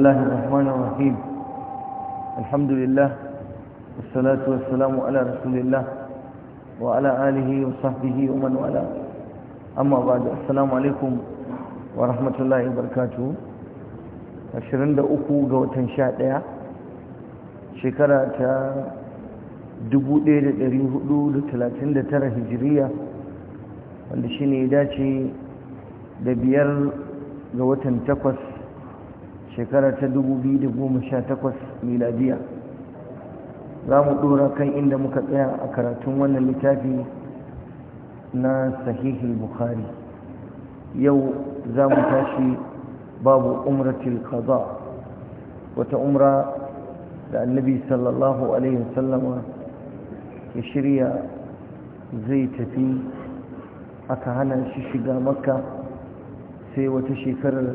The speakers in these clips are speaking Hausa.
الله الرحمن الرحيم الحمد لله والصلاة والسلام على رسول الله وعلى آله وصحبه ومن أما بعد السلام عليكم ورحمة الله وبركاته da ga watan sha ɗaya shekara ta dubu ɗaya da ɗari hudu shi dace da biyar ga watan takwas shekara ta 2018 miladiya za mu ɗora kan inda muka tsaya a karatun wannan littafi na sahihul bukhari yau za mu tashi babu umratul qada wata umra da annabi sallallahu alaihi wasallama ya shirya zai tafi aka hana shi shiga makka sai wata shekarar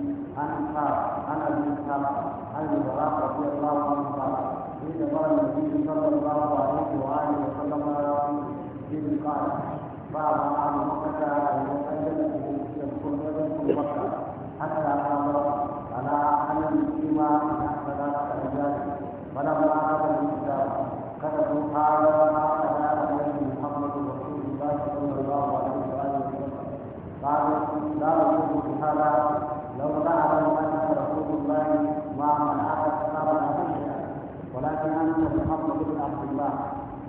عن اسحاق عن ابي اسحاق عن البراء رضي الله عنه قال حين قال النبي صلى الله عليه واله وسلم على رسول قال بعض اهل مكه على وسلم يدخل يدخل مكه حتى حضر على ان يقيم ثلاثه رجال فلما اتى الاسلام كتبوا هذا ما اتى عليه محمد رسول الله صلى الله عليه واله وسلم قالوا لا نقول بهذا لو ظهر ما رسول الله ما من احد صار لا شيئا ولكن انت محمد بن عبد الله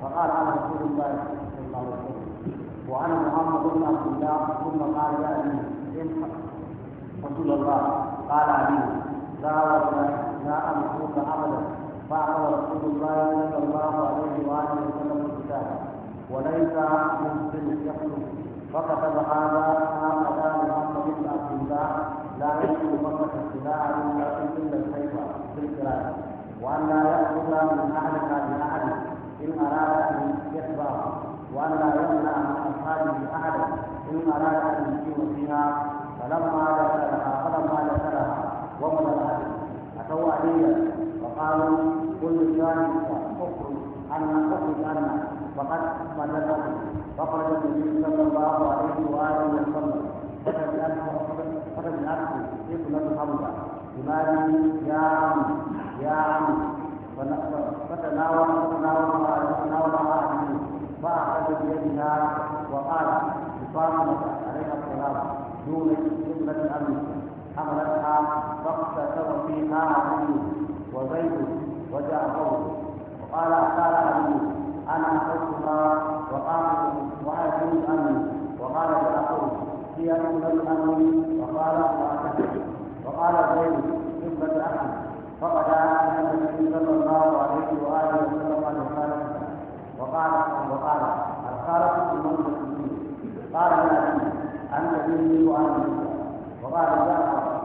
فقال انا رسول الله صلى الله عليه وسلم وانا محمد بن عبد الله ثم قال يا ابي رسول الله قال علي لا والله لا امرك ابدا فاعطى رسول الله صلى الله عليه واله وسلم الكتاب وليس ممكن يخلق فقد هذا هذا لأن مثل الاتباع لا يجوز فقط اتباع إلا السيف في القراءة وأن لا يأخذ من أحدك بأحد إن أراد أن يتبع وأن لا يمنع من أصحابه أحد إن أراد أن يقيم فيها فلما دخلها فلما دخلها ومن الأهل أتوا عليا وقالوا كل ذلك اخرج أن نخرج أنا فقد طلقه فخرج النبي صلى الله عليه واله وسلم فتب العبد ابنة حمزة بماله يا عم يا عم فتناول فتناولها فتناولها عليه فأخذ بيدها وقال لفاطمة عليها السلام دون ابنة أمي حملتها فاقتسم فيها علي وزيد وجاء قوله وقال قال علي انا اخذتها وقال وانا امني وقال لاخوه هي ام امني وقال وقال زيد ابنه احمد فقد ان النبي صلى الله عليه واله وسلم قال خالف وقال وقال الخالق في منزل قال يا ابي انت مني وانا وقال جعفر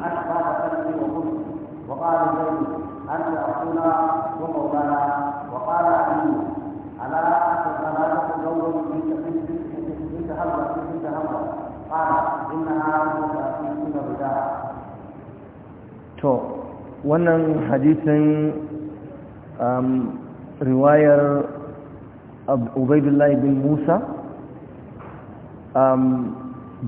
اشقى قلبي وقلت وقال زيد أنت أخونا ومولانا وقال أمين ألا فلا تتزوج بنت همرة بنت همرة قال إنها متأخرة الرجال To, wannan hadisin riwayar Ubaidullahi bin Musa,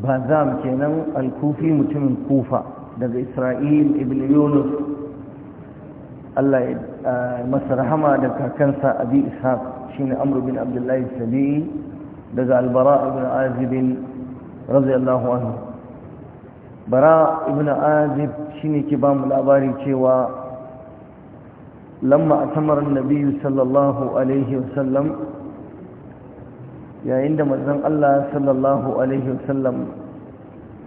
Bazam kenan al-Kufi mutumin Kufa daga Isra'il ibn Yunus Allah masa rahama da kakansa abi ishaq shine amr bin abdullahi sabi daga albara ibn azib radiyallahu anhu bara ibn azib shine ke ba mu labari cewa lamma atamara annabi sallallahu alaihi wasallam yayin da manzon Allah sallallahu alaihi wasallam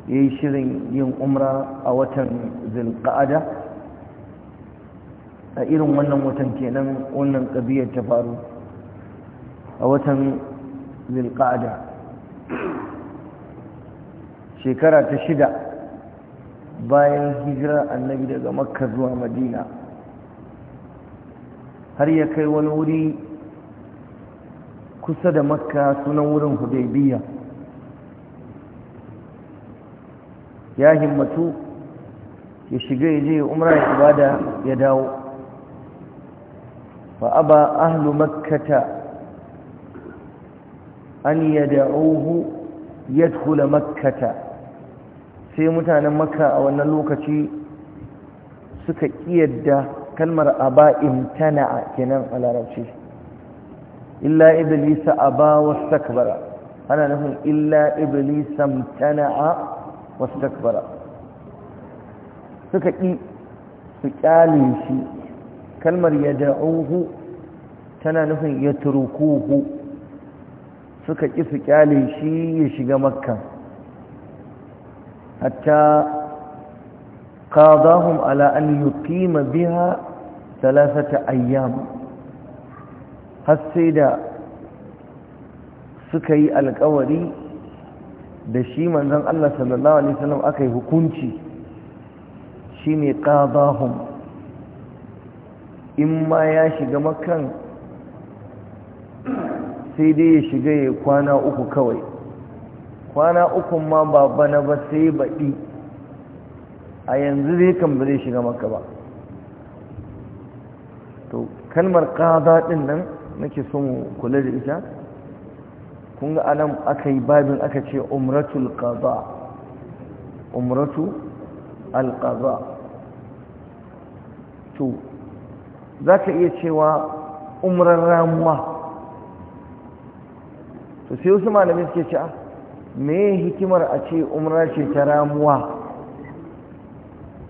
yayi shirin yin umra a watan zulqa'ada a irin wannan watan kenan wannan ƙabiyar ta faru a watan zilƙada shekara ta shida bayan hijira annabi daga makka zuwa madina har ya kai wani wuri kusa da makka sunan wurin hudaybiya ya himmatu ya shiga ya je umra ya ibada ya dawo فأبى أهل مكة أن يدعوه يدخل مكة sai mutanen makka a wannan lokaci suka kiyarda kalmar aba imtana'a kenan a larabci illa iblisa aba wastakbara ana nufin illa iblisa imtana'a wastakbara suka ki su kyale shi kalmar ya da'uhu tana nufin ya turkuhu suka ƙi su ƙyale shi ya shiga makka hatta qadahum ala an yuqima biha thalathata ayyam har sai da suka yi alƙawari da shi manzon Allah sallallahu alaihi wasallam aka yi hukunci shine qadahum in ma ya shiga makan sai dai ya shiga ya kwana uku kawai kwana uku ma ba bana ba sai baɗi a yanzu zai kan ba zai shiga maka ba to kalmar ƙaza ɗin nan nake son kula da ita kun ga anan aka yi babin aka ce umratul ƙaza umratu al-ƙaza to za ka iya cewa umrar ramuwa to sai wasu malamin suke ce me hikimar a ce umra ce ta ramuwa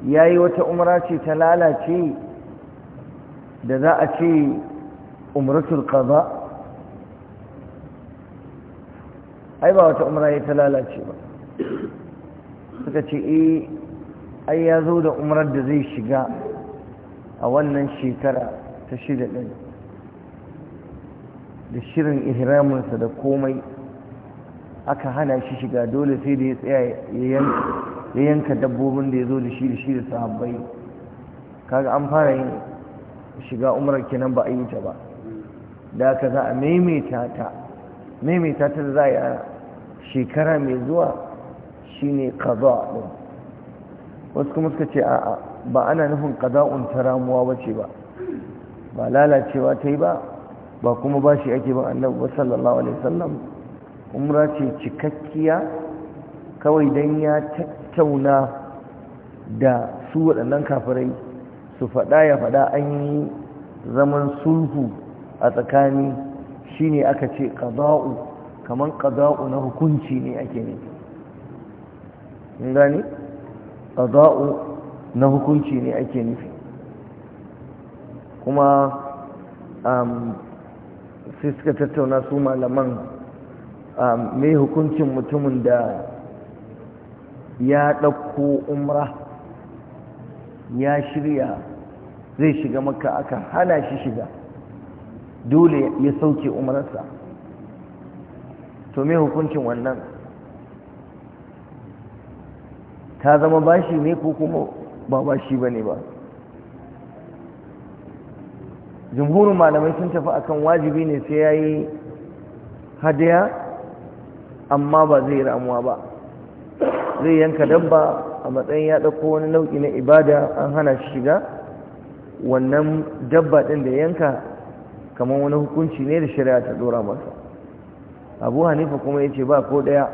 Ya yi wata umra ce ta lalace da za a ce umratul qada ai ba wata umra ta lalace ba suka ce eh ai ya zo da umrar da zai shiga a wannan shekara ta shida ɗin da shirin ihraminsa da komai aka hana shi shiga dole sai da ya tsaya ya yanka dabbobin da ya zo da shi da shi da sahabbai kaga an fara yin shiga umarar kenan ba a yi ta ba da aka za a maimaita ta maimaita ta za a shekara mai zuwa shine kaza ɗin wasu kuma suka ce a'a ba ana nufin kaza'un ta ramuwa ba ce ba ba lalacewa ta yi ba ba kuma ba shi ake ban ba sallallahu alaihi wasallam umra ce cikakkiya kawai don ya tattauna da su waɗannan kafirai su faɗa ya faɗa an yi zaman sulhu a tsakani shine aka ce kaza'u kaman kaza'u na hukunci ne ake ne gani na hukunci ne ake nufi kuma um, sai suka tattauna su malaman mai um, hukuncin mutumin da ya ɗauko umra ya shirya zai shiga maka aka hana shi shiga dole ya sauke umararsa to mai hukuncin wannan ta zama bashi ne ko kuma ba ba shi ba ne ba jumhurin malamai sun tafi akan wajibi ne sai ya yi hadaya amma ba zai ramuwa ba zai yanka dabba a matsayin ya ɗauko wani nau'i na ibada an hana shi shiga wannan dabba ɗin da yanka kamar wani hukunci ne da shari'a ta dora masa abu hanifa kuma ya ce ba ko ɗaya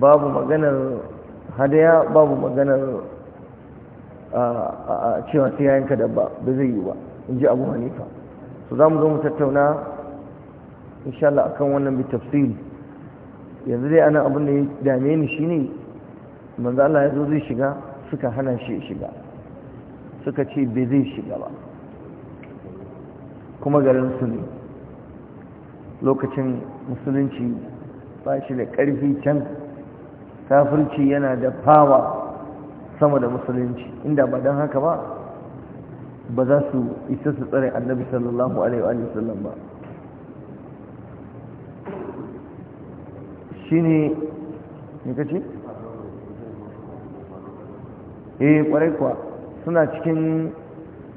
babu maganar hadaya babu maganar a cewa sai ya yanka dabba ba zai yi ba in ji abu hanifa su za mu zo mu tattauna insha Allah akan wannan bi tafsiri yanzu dai ana abin da ya dame ni shine manzo Allah ya zo zai shiga suka hana shi shiga suka ce bai zai shiga ba kuma garin su ne lokacin musulunci ba shi da ƙarfi can kafirci yana da fawa sama da musulunci inda ba don haka ba ba za su isa su tsare annabi sallallahu alaihi wa sallam ba shi ne ce, eh kwarai kuwa suna cikin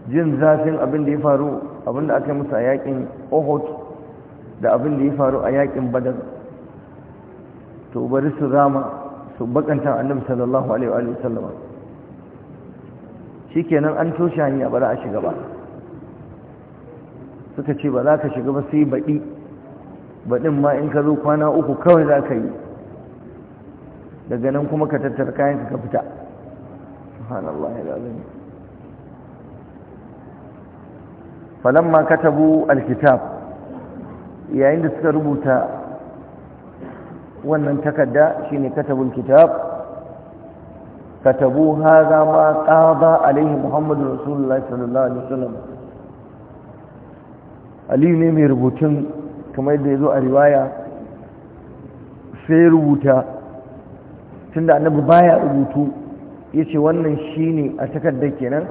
jin zafin abin da ya faru abin da aka musu a yakin ohot da abin da ya faru a yakin badar to bari su rama su bakanta annabi sallallahu alaihi wa sallama shikenan an toshe hanya a za a shiga ba suka ce ba za ka shiga ba sai baɗi baɗin ma in ka zo kwana uku kawai za ka yi daga nan kuma ka tattara kayan ka fita subhanallah ya lalani falamma katabu alkitab yayin da suka rubuta wannan takarda shine katabul kitab katabu hadha ma qada alaihi muhammadu rasulullahi sallallahu alaihi wasallam aliyu ne mai rubutun kamar yadda ya zo a riwaya sai rubuta tunda annabi baya rubutu ya ce wannan shine a takarda kenan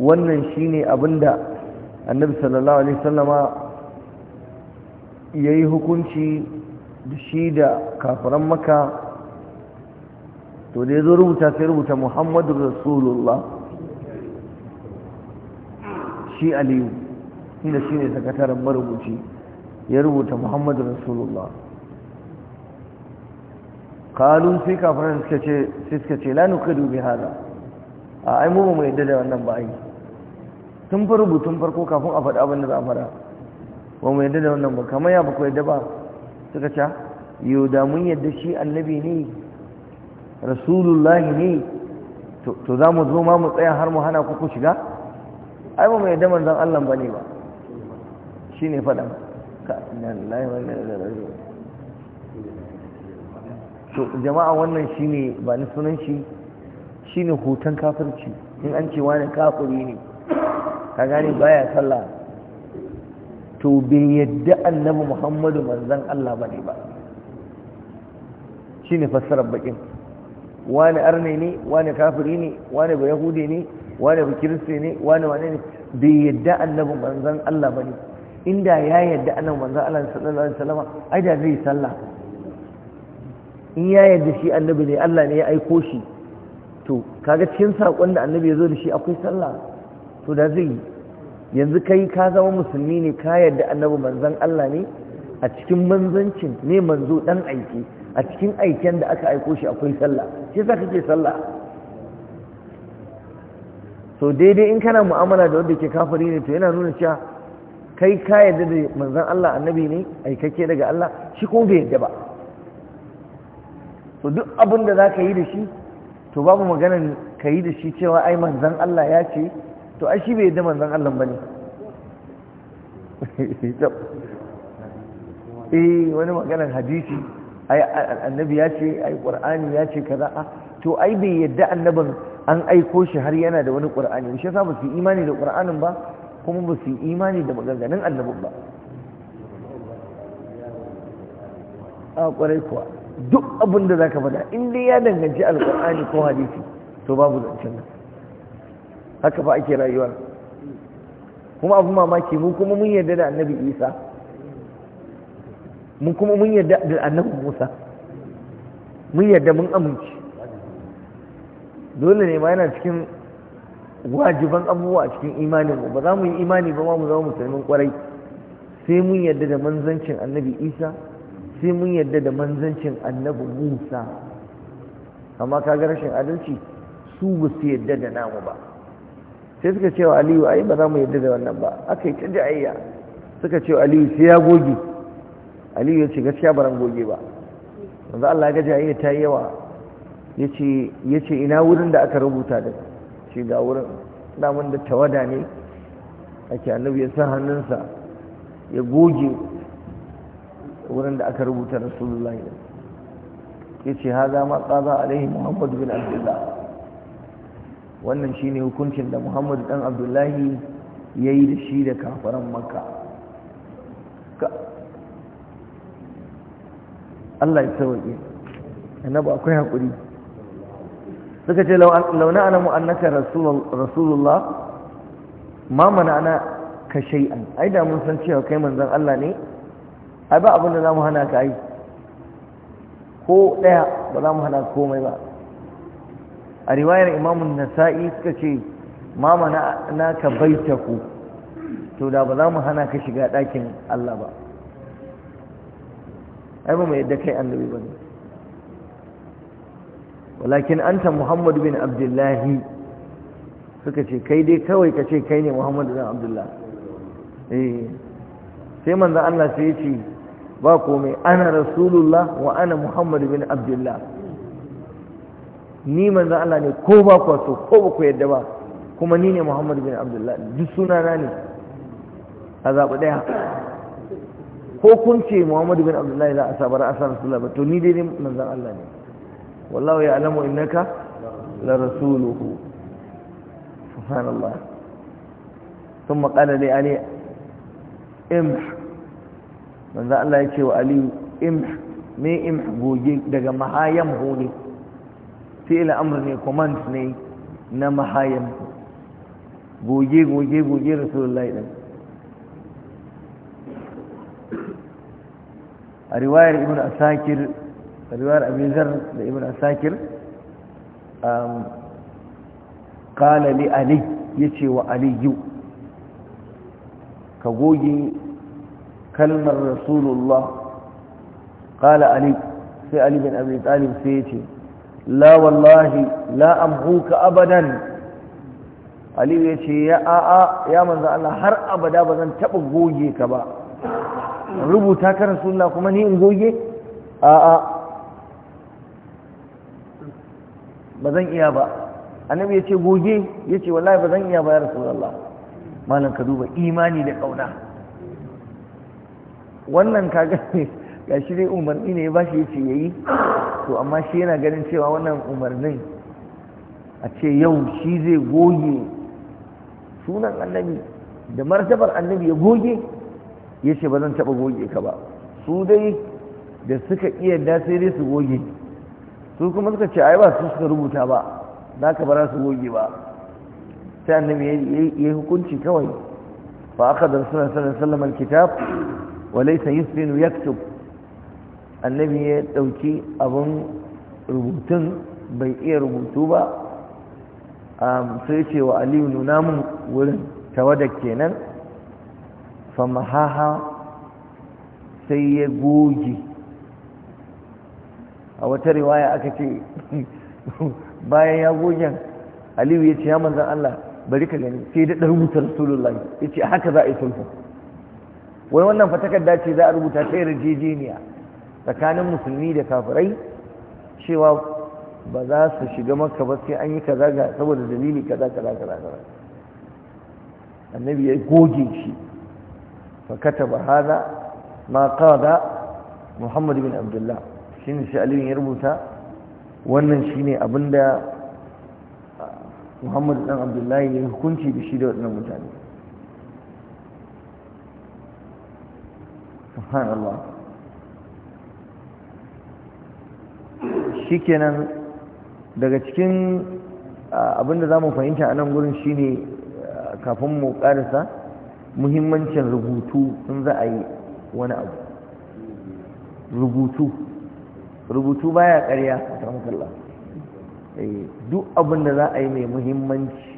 wannan shine abinda annabi sallallahu alaihi wasallama ya yi hukunci da shi da kafiran maka to da ya zo rubuta sai rubuta muhammadu rasulullah shi aliyu inda shi ne sakataren marubuci ya rubuta muhammadu rasulullah kalu sai kafiran suka ce lanu ka dubi hada a ai mu ba mu yadda da wannan ba ai tun fa rubutun farko kafin a faɗa abin da za a fara ba mu yadda da wannan ba kamar ya ba ku yadda ba suka ce yau da mun yadda shi annabi ne rasulullahi ne to za mu zo ma mu tsaya har mu hana ku shiga ai ba mu yadda manzan Allah ba ne ba shi ne faɗa ka to jama'a wannan shine ba ni sunan shi shine hoton kafirci in an ce wani kafiri ne ka gane baya sallah to bai yadda annabi muhammadu manzan Allah bane ba Shi ne fassarar bakin wani arne ne wani kafiri ne wani ba yahudi ne wani ba kiristi ne wani wani ne bai yadda annabi manzan Allah bane inda ya yadda annabi manzan Allah sallallahu alaihi wasallam ai da zai sallah in ya yadda shi annabi ne Allah ne ya aiko shi to kaga cikin sakon da annabi ya zo da shi akwai sallah to da zai yanzu kai ka zama musulmi ne ka yarda annabi manzon Allah ne a cikin manzancin ne manzo dan aiki a cikin aiken da aka aiko shi akwai sallah shi yasa kake sallah so daidai in kana mu'amala da wanda ke kafiri ne to yana nuna cewa kai ka yarda da manzon Allah annabi ne aikake daga Allah shi ko bai yarda ba to duk abin da zaka yi da shi to babu maganar ka yi da shi cewa ai manzon Allah ya ce to ai shi bai yadda manzan Allah ne. eh wani maganar hadisi ai annabi ya ce ai qur'ani ya ce kaza ah, to ai bai yadda annabin an aiko shi har yana da wani qur'ani shi yasa ba su imani da qur'anin ba kuma ba su imani da maganganun annabin ba a kwarai kuwa duk abin da za ka faɗa in dai ya danganci alƙur'ani ko hadisi to babu zancen nan haka fa ake rayuwa kuma abin mamaki mu kuma mun yarda da annabi isa mun kuma mun yarda da annabi musa mun yarda mun amince dole ne ma yana cikin wajiban abubuwa a cikin imanin mu ba za mu yi imani ba ma mu zama musulmin kwarai sai mun yarda da manzancin annabi isa sai mun yarda da manzancin annabi musa amma kaga rashin adalci su ba su yarda da namu ba sai suka cewa aliyu ai ba za mu yadda da wannan ba aka yi ta jayayya suka cewa aliyu sai ya goge aliyu ya ce gaskiya ba ran goge ba yanzu Allah ga jayayya ta yi yawa ya ce ina wurin da aka rubuta da shi ga wurin mun da tawada ne ake annabi ya sa hannunsa ya goge wurin da aka rubuta rasulullahi ya ce haza ma tsaza alaihi muhammadu bin abdullah wannan shi ne hukuncin da Muhammadu dan Abdullahi ya yi da shi da kafaran maka Allah ya sauke annabi akwai hakuri suka ce launa ana mu'annaka rasulullah ma mana ana ka shay'an ai da mun san cewa kai manzon Allah ne ai ba abin da mu hana ka yi ko ɗaya ba za mu hana komai ba a riwayar imamun nasa'i suka ce mama na ka baita ku to da ba za mu hana ka shiga ɗakin Allah ba ai ba mu yadda kai annabi ba ne walakin anta muhammadu bin abdullahi suka ce kai dai kawai ka ce kai ne muhammadu bin abdullahi eh sai manzo Allah sai ya ce ba komai ana rasulullah wa ana muhammadu bin abdullahi ni manzan Allah ne ko ba kuwa so ko ba ku yadda ba kuma ni ne Muhammadu bin Abdullah duk suna na ne a zaɓi ɗaya ko kun ce Muhammadu bin Abdullah za a sabar a san Rasulullah ba to ni dai manzan Allah ne wallahu ya alamu innaka la rasuluhu subhanallah dai ne لعلي manzan Allah ya ce wa Aliyu امح مي امح goge daga mahayam يمهوني fi'il amr ne command ne na mahayan goge goge goge rasulullahi din a riwayar ibn asakir a riwayar abizar da ibn asakir qala li ali ce wa aliyu ka goge kalmar rasulullah qala ali sai ali bin abi talib sai ya ce. la wallahi la amhuka abadan aliyu ya ce a'a ya manzo Allah har abada ba zan taɓa goge ka ba rubuta ka rasulullah kuma ni in goge a'a ba zan iya ba annabi ya ce goge ya ce wallahi ba zan iya ba ya rasulullah malam ka duba imani da ƙauna wannan kaga ga shi dai umarni ne bashi ba shi ya ce to amma shi yana ganin cewa wannan umarnin a ce yau shi zai goge sunan annabi da martabar annabi ya goge ya ce ba zan taɓa goge ka ba su dai da suka iya da sai dai su goge su kuma suka ce ai ba su suka rubuta ba za ka bara su goge ba sai annabi ya yi hukunci kawai fa aka da suna sallar sallamar kitab wa laisa yusbinu yaktub annabi ya ɗauki abin rubutun bai iya rubutu ba um, sai ce wa aliyu nuna mun wurin tawada kenan famahaha sai ya goge a wata riwaya aka ce bayan ya goge aliyu ya ce ya manzan Allah bari ka gani sai da rubuta rasulullahi ya ce haka za a yi wani wannan fatakar dace za a rubuta ta yarjejeniya tsakanin musulmi da kafirai cewa ba za su shiga maka ba sai an yi kaza ga saboda dalili kaza kaza kaza kaza annabi ya goge shi fa kataba hada ma qada muhammad bin abdullah shine shi aliyu ya rubuta wannan shine abinda muhammad dan abdullahi ya hukunci da shi da waɗannan mutane subhanallah shikenan daga cikin abin da za mu fahimta a nan gurin shine kafin mu karisa muhimmancin rubutu in za a yi wani abu rubutu rubutu baya ƙarya a kalla eh, duk abin da za a yi mai muhimmanci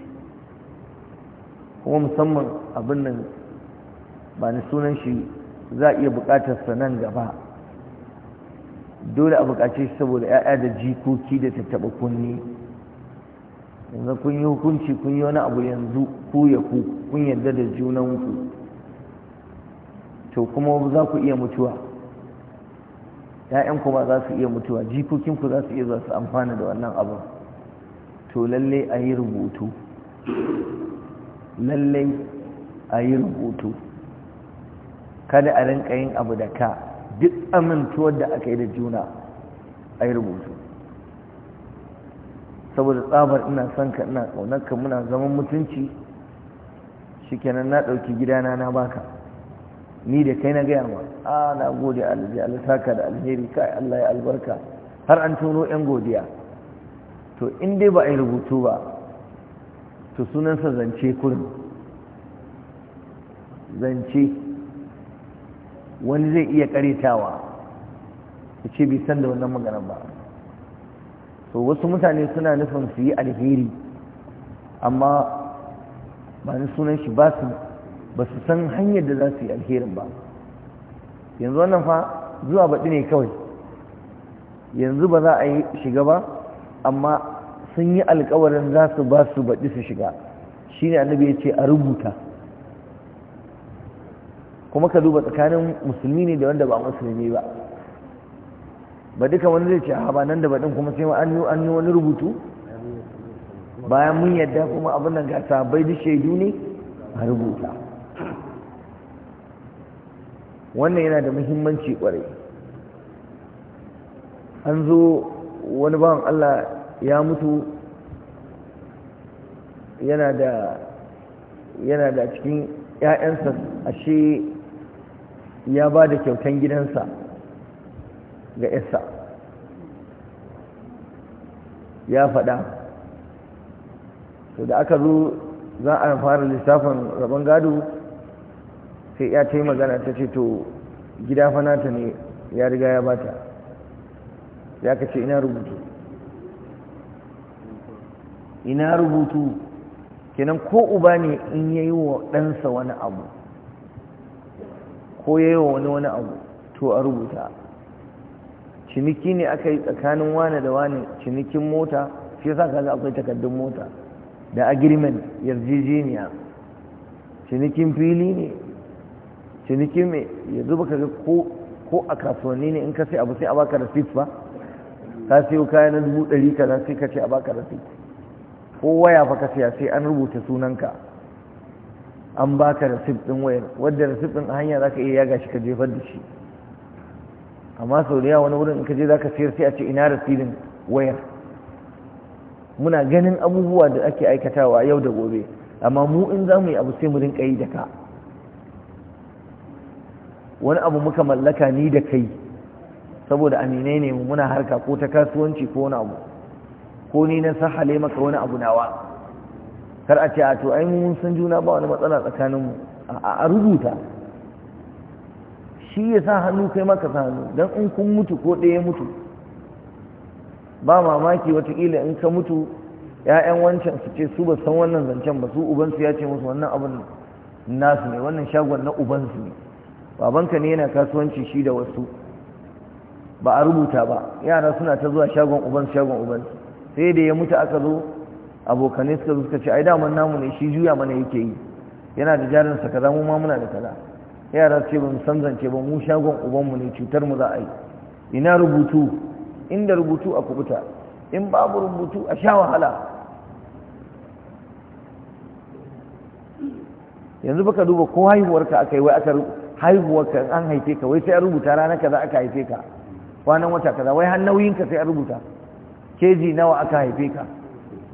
kuma musamman abin nan ba ni sunan shi za a iya buƙatar nan gaba dole a bukace shi saboda 'ya'ya da jikoki da tattaba kunni yanzu kun yi hukunci kun yi wani abu yanzu ku ya ku kun yarda da junanku to kuma za ku iya mutuwa ‘ya'yanku ba za su iya mutuwa jikokinku za su iya za su amfana da wannan abin to lallai a yi rubutu lallai a yi rubutu kada a rinka yin abu da ka duk amintuwar da aka yi da juna a yi rubutu saboda tsabar ina son ka ina ƙaunarka muna zaman mutunci shi kenan na ɗauki gidana na baka ni da kai na gaya ma a na gode alhaji Allah da alheri kai Allah ya albarka har an tono yan godiya to in dai ba a yi rubutu ba to sunansa zance kurin zance wani zai iya karitawa su ce bai san da wannan magana ba so wasu mutane suna nufin su yi alheri amma ba ni sunan shi ba su san hanyar da za su yi alherin ba yanzu wannan fa zuwa baɗi ne kawai yanzu ba za a yi shiga ba amma sun yi alkawarin za su ba su baɗi su shiga shi ne annabi ya ce a rubuta kuma ka duba tsakanin musulmi ne da wanda ba musulmi ba ba duka wani zai ce a ba nan da baɗin kuma sai an yi an wani rubutu bayan mun yadda kuma abin nan ga sabai da shaidu ne a rubuta wannan yana da muhimmanci kwarai an zo wani bawan Allah ya mutu yana da cikin ‘ya'yansa ashe ya ba da kyautan gidansa ga isa ya faɗa to da aka zo za a fara lissafin rabon gado sai ya ta yi magana ta ce to gida fanata ne ya riga ya bata ya ka ce ina rubutu ina rubutu kenan ko uba ne in yayi wa ɗansa wani abu ko ya yi wa wani wani abu to a rubuta ciniki ne aka yi tsakanin wane da wane cinikin mota shi yasa kaga akwai takardun mota da agreement yarjejeniya cinikin fili ne cinikin mai ya zuba ga ko ko a kasuwanni ne in ka sai abu sai a baka receipt ba ka sai kaya na dubu ɗari ka sai ka ce a baka receipt ko waya fa ka siya sai an rubuta sunanka an baka rasif ɗin wayar wadda rasif ɗin a hanya ka iya yaga shi ka jefar da shi amma sau da wani wurin in ka je za ka sayar sai a ce ina rasifin wayar muna ganin abubuwa da ake aikatawa yau da gobe amma mu in za mu yi abu sai mu rinka yi da ka wani abu muka mallaka ni da kai saboda aminai ne mu muna harka ko ta kasuwanci ko wani abu ko ni na sahale maka wani abu nawa kar a ce a to ai mun san juna ba wani matsala tsakaninmu a rubuta shi ya sa hannu kai maka sa hannu don in kun mutu ko ɗaya mutu ba mamaki watakila in ka mutu ‘ya'yan wancan su ce su ba san wannan zancen ba su ubansu ya ce musu wannan abin nasu ne wannan shagon na ubansu ne babanka ne yana kasuwanci shi da wasu ba a rubuta ba yara suna ta zuwa shagon ubansu shagon ubansu sai da ya mutu aka zo abokane suka suka ce ai daman namu ne shi juya mana yake yi yana da jarinsa kaza mu ma muna da kaza yara ce ba mu san zance ba mu shagon ubanmu ne cutar mu za a yi ina rubutu inda rubutu a kubuta in babu rubutu a sha wahala yanzu baka duba ko haihuwarka aka yi wai aka haihuwarka an haife ka wai sai an rubuta rana kaza aka haife ka kwanan wata kaza wai har nauyinka sai an rubuta keji nawa aka haife ka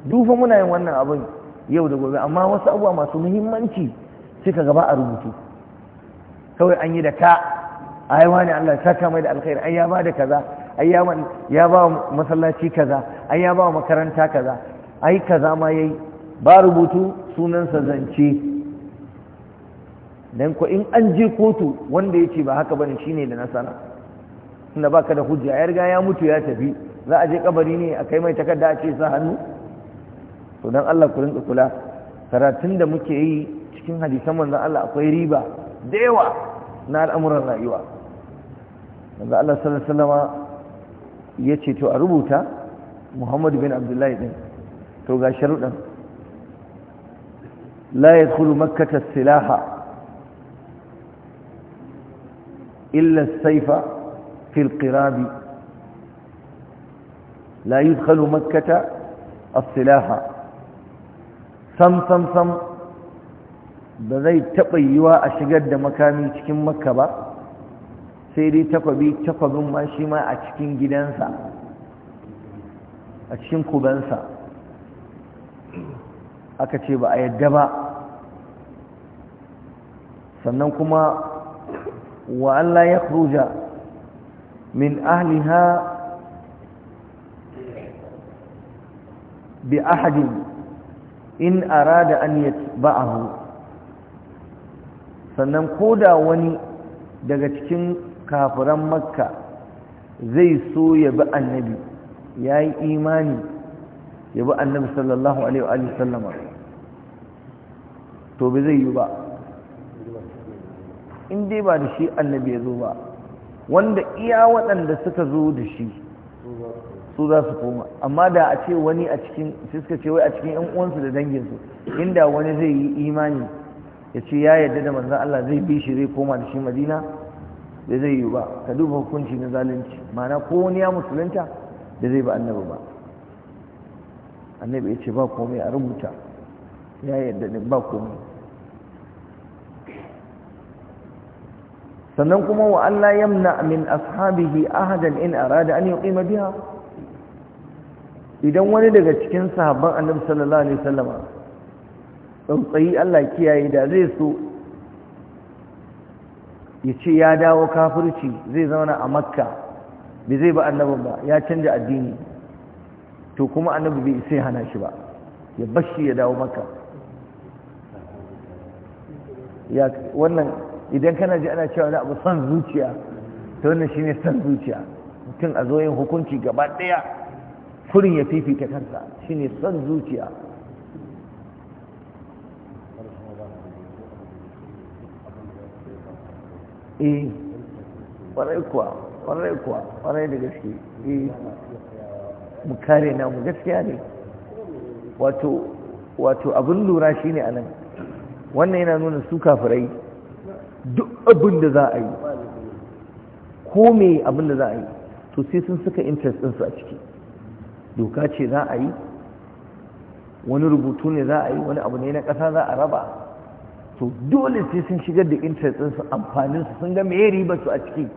dufa muna yin wannan abin yau da gobe amma wasu abuwa masu muhimmanci suka gaba a rubutu kawai an yi da ka ai wani Allah saka mai da alkhairi ai ya ba da kaza ai ya ya ba masallaci kaza ai ya ba makaranta kaza ai kaza ma yayi ba rubutu sunansa zance dan ko in an je kotu wanda yace ba haka bane shine da nasara tunda baka da hujja ya riga ya mutu ya tafi za a je kabari ne a kai mai takarda a ce sa hannu to dan Allah ku rinka kula karatun da muke yi cikin hadisan manzon Allah akwai riba da yawa na al'amuran rayuwa manzon Allah sallallahu alaihi wasallama yace to a rubuta Muhammad bin Abdullahi din to ga sharudan la yadkhulu makkata silaha illa as-sayfa fi al-qirab لا يدخل مكة السلاح sam sam sam ba zai taɓa yiwa a shigar da makami cikin makka ba sai dai takwabi takwabin ma shi ma a cikin gidansa a cikin kubansa aka ce ba a yadda ba sannan kuma wa Allah ya kruja min ahliha bi ahadin in arada an yatba'ahu sannan koda wani daga cikin kafiran makka zai so ya bi annabi ya yi imani ya bi annabi sallallahu alaihi wa sallama to bai zai yi ba in dai ba da shi annabi ya zo ba wanda iya waɗanda suka zo da shi su za su koma amma da a ce wani a cikin suka ce wai a cikin yan uwansu da danginsu inda wani zai yi imani ya ce ya yarda da manzon Allah zai bi shi zai koma da shi Madina da zai yi ba ka duba hukunci na zalunci ma'ana ko wani ya musulunta da zai ba annabi ba annabi ya ce ba komai a rubuta ya yarda da ba komai sannan kuma wa Allah yamna min ashabihi ahadan in arada an yuqima biha idan wani daga cikin sahabban annabi sallallahu alaihi wasallam tsautsayi Allah kiyaye da zai so ya ce ya dawo kafirci zai zauna a makka bai zai ba annabin ba ya canja addini to kuma annabi bai sai hana shi ba ya bashi ya dawo makka ya wannan idan kana ji ana cewa abu son zuciya ta wannan shine son zuciya mutum a zo yin hukunci gaba ɗaya kurin ya fifita kansa ne son zuciya eh kwarai kuwa kwarai kuwa kwarai da gaske e mu kare namu gaskiya ne wato wato abin lura shi ne anan wannan yana nuna su kafirai duk abin da za a yi ko me abin da za a yi to sai sun suka interest ɗinsu a ciki doka ce za a yi wani rubutu ne za a yi wani abu ne na ƙasa za a raba to dole sai sun shigar da su ɗinsu su sun ga me riba su a ciki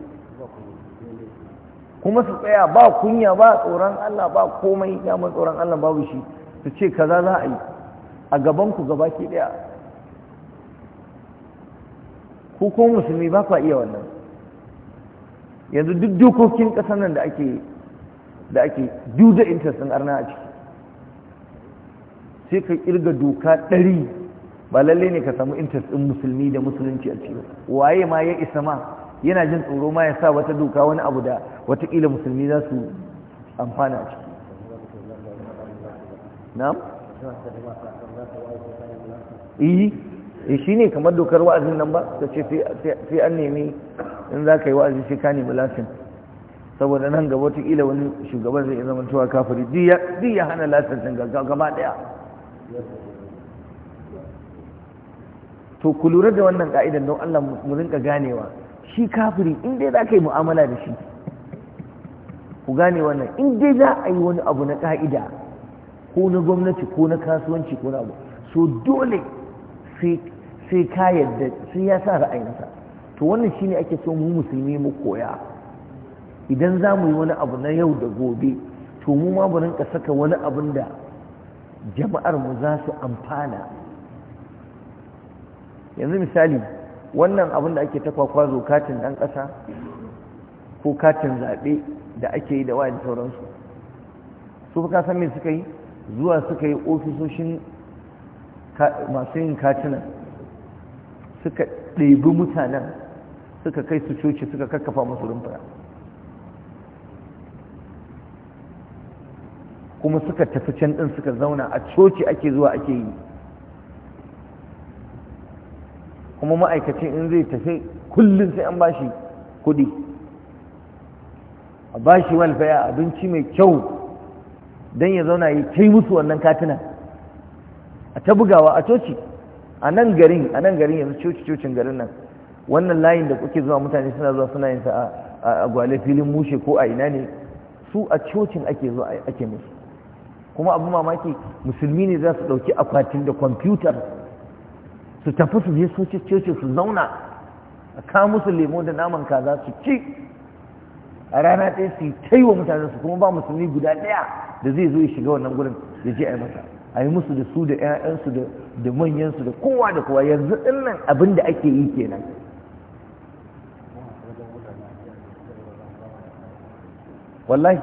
kuma su tsaya ba kunya ba tsoron Allah ba komai daman tsoron Allah babu shi su ce kaza za a yi a gaban ku gaba ke daya ku ko musulmi ba kwa iya wannan yanzu duk dokokin ƙasar nan da ake da ake duda interest ɗin arna a ciki sai ka kirga doka ɗari ba lalle ne ka samu interest ɗin musulmi da musulunci a ciki waye ma ya isa ma yana jin tsoro ma ya sa wata doka wani abu da watakila musulmi za su amfana a ciki na'am eh, eh, shi ne kamar dokar wa'azin nan ba ta ce sai an nemi in za ka yi wa'azin sai ka nemi lasin saboda nan gaba wataƙila wani shugaban zai zama tuwa kafiri duk ya hana gaggawa gaba ɗaya to ku lura da wannan ka'idan don Allah mu rinka ganewa shi kafiri in dai za ka yi mu'amala da shi ku gane wannan in dai za a yi wani abu na ka'ida ko na gwamnati ko na kasuwanci ko na abu so dole sai ka yadda sai ya sa ra'ayinsa to wannan shine ake so mu musulmi mu koya idan za mu yi wani abu na yau da gobe to mu ma mu rinka saka wani abin da jama'ar mu za su amfana yanzu misali wannan abin da ake takwakwazo katin ɗan ƙasa ko katin zaɓe da ake yi da wa da sauransu su ka san me suka yi zuwa suka yi ofisoshin masu yin katinan suka ɗebi mutanen suka kai su coci suka kakkafa masu rumfura kuma suka tafi can ɗin suka zauna a coci ake zuwa ake yi kuma ma'aikacin in zai tafi kullum sai an bashi kuɗi a bashi walfaya abinci mai kyau don ya zauna ya kai musu wannan katina a ta bugawa a coci a nan garin a nan garin yanzu coci cocin garin nan wannan layin da kuke zuwa mutane suna zuwa suna yin sa a gwale filin mushe ko a ina ne su a cocin ake zuwa ake musu kuma abu mamaki musulmi ne za su ɗauki akwatin da kwamfutar su tafi su je coci su zauna a kawo musu lemo da naman kaza su ci a rana ɗaya su ta yi wa mutane su kuma ba musulmi guda ɗaya da zai zo ya shiga wannan gurin ya je a yi masa a yi musu da su da 'ya'yansu da manyansu da kowa da kowa yanzu ɗin nan abin da ake yi kenan wallahi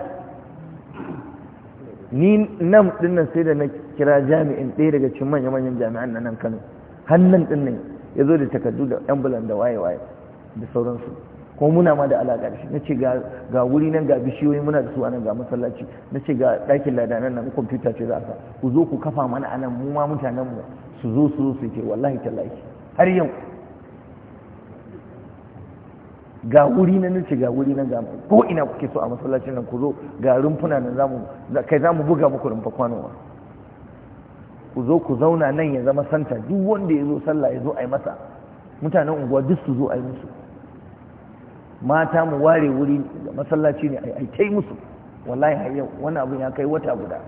ni nan dinnan sai da na kira jami'in ɗaya daga cikin manya-manyan jami'an na nan kano hannun dinnan ya zo da takardu da ambulan da waye-waye da sauransu kuma muna ma da alaƙa da shi na ce ga wuri nan ga bishiyoyi muna da su a nan ga masallaci na ce ga ɗakin ladanan nan kwamfuta ce za a sa ku zo ku kafa mana a nan mu ma mutanen mu su zo su zo su ce wallahi tallahi har yau ga wuri na nace ga wuri nan ga ko ina kuke so a masallacin nan ku zo ga rumfuna nan zamu kai zamu buga muku rumfa kwano ku zo ku zauna nan ya zama santa duk wanda ya zo sallah ya zo a yi masa mutanen unguwa duk su zo a yi musu mata mu ware wuri masallaci ne a kai musu wallahi har yau wani abin ya kai wata guda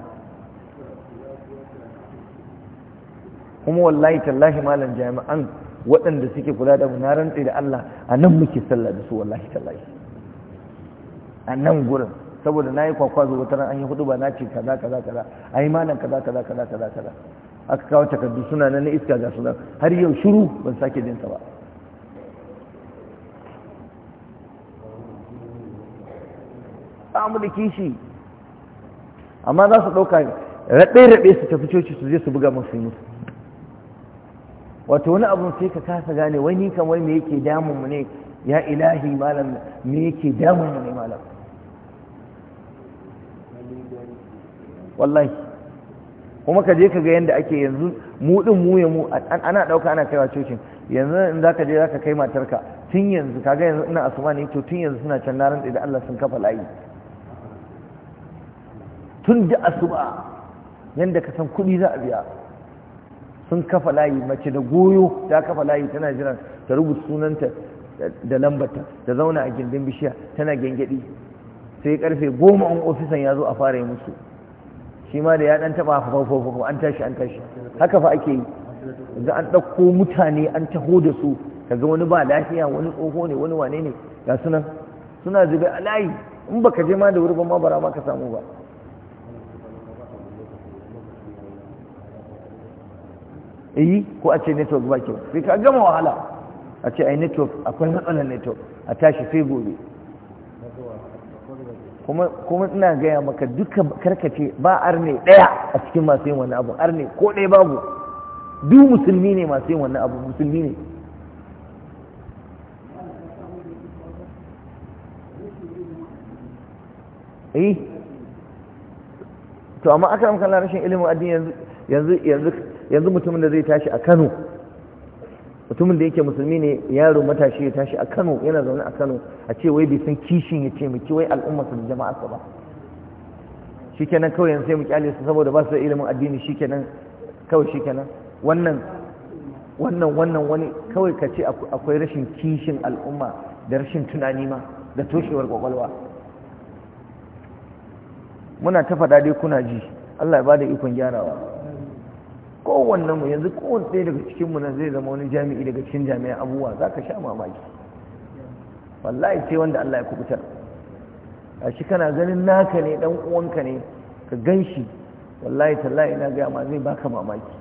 kuma wallahi tallahi malam jami'an waɗanda suke kula da mu na rantse da Allah a nan muke sallah da su wallahi tallahi a nan gurin saboda na yi kwakwazo wata ran an yi hudu ba na ce kaza kaza kaza a yi malam kaza kaza kaza kaza kaza aka kawo takardu suna nan na iska ga suna har yau shiru ban sake jinsa ba ba da kishi amma za su ɗauka raɗe-raɗe su tafi coci su je su buga yi musu wato wani abun sai ka kasa gane wai ni kan me yake damun mu ne ya ilahi malam me yake damun mu ne malam wallahi kuma ka je ka ga yanda ake yanzu mu din mu ya mu ana dauka ana kaiwa cocin yanzu in zaka je zaka kai matarka tun yanzu kaga yanzu ina asuba ne to tun yanzu suna can na da Allah sun kafa layi tun da asuba yanda ka san kuɗi za a biya sun kafa layi mace da goyo ta kafa layi tana jiran ta rubuta sunanta da lambata ta zauna a gindin bishiya tana gyangyaɗi sai karfe goma an ofisan ya zo a fara yi musu shi ma da ya ɗan taɓa hafafafafafa an tashi an tashi haka fa ake yi ga an ɗauko mutane an taho da su kaga wani ba lafiya wani tsoho ne wani wane ne ga sunan suna zube a layi in baka je ma da wuri ba ma bara ma ka samu ba eh ko a ce network ba kyau sai ka gama wahala a ce ai network akwai matsalar network a tashi sai gobe kuma kuma ina gaya maka duka karkace ba arne daya a cikin masu yin wani abu arne ko ɗaya babu duk musulmi ne masu yin wani abu musulmi ne eh to amma aka amkala rashin ilimin addini yanzu yanzu yanzu mutumin da zai tashi a Kano mutumin da yake musulmi ne yaro matashi ya tashi a Kano yana zaune a Kano a ce wai bai san kishin ya ce miki wai al'umma su da jama'arsa ba shikenan kawai yanzu sai mu kyale su saboda ba su da ilimin addini shikenan kawai shikenan wannan wannan wannan wani kawai ka ce akwai rashin kishin al'umma da rashin tunani ma da toshewar kwakwalwa muna ta faɗa dai kuna ji Allah ya bada ikon gyarawa kowanne mu yanzu kowanne ɗaya daga cikin mu nan zai zama wani jami'i daga cikin jami'an abubuwa za ka sha mamaki wallahi ce wanda Allah ya kubutar a shi kana ganin naka ne dan uwanka ne ka gan shi wallahi tallahi ina gaya ma zai baka mamaki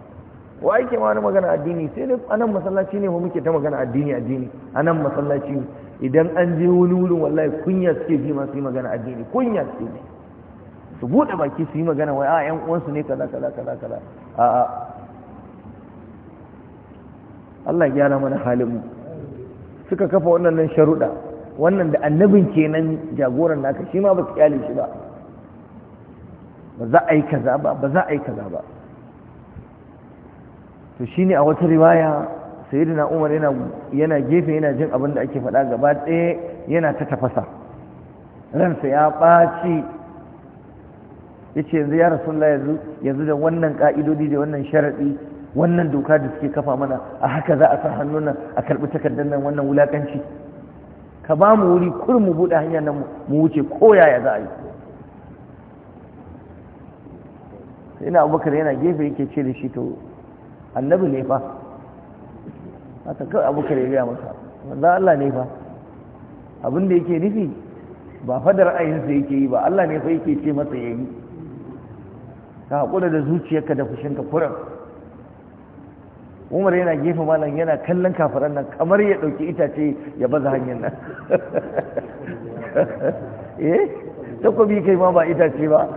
wa yake ma wani magana addini sai dai anan masallaci ne mu muke ta magana addini addini anan masallaci idan an je wani wurin wallahi kunya suke ji ma su yi magana addini kunya suke ji su buɗe baki su yi magana wai a ƴan uwansu ne kaza kaza kaza kaza a'a Allah gyara mana halin mu suka kafa wannan sharuɗa wannan da annabin kenan jagoran naka shi ma ba su kyale shi ba ba za a yi kaza ba ba za a yi kaza ba to shi ne a wata riwaya na Umar yana gefe yana jin abin da ake faɗa gaba ɗaya yana ta tafasa ransa ya ɓaci ce yanzu ya rasu yanzu yanzu da wannan ƙa'idodi da wannan sharaɗi. wannan doka da suke kafa mana a haka za a sa hannun nan a karɓi takardar nan wannan wulakanci ka ba mu wuri kur mu buɗe hanyar nan mu wuce ko yaya za a yi sai na abubakar yana gefe yake ce da shi to annabi ne fa haka kawai abubakar ya gaya masa wanda Allah ne fa abin da yake nufi ba fadar ra'ayinsa yake yi ba Allah ne fa yake ce masa ya yi ka haƙura da zuciyarka da fushinka furar umar yana gefe malam yana kallon kafaran nan kamar ya dauki itace ya baza hanyar nan eh takobi kai ma ba itace ba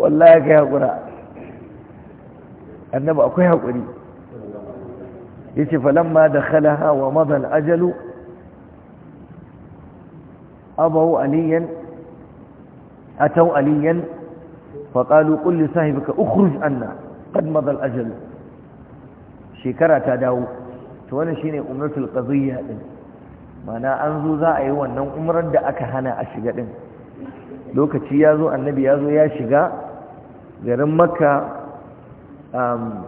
wallahi kai hakura annabi akwai hakuri yace falamma dakhalaha wa madha al-ajalu abaw aliyan ataw aliyan فقالوا قل لصاحبك اخرج عنا قد مضى ajalu shekara ta dawo to wannan shine umratul qadiyya din mana an zo za a yi wannan umrar da aka hana a shiga din lokaci ya zo annabi ya zo ya shiga garin makka um,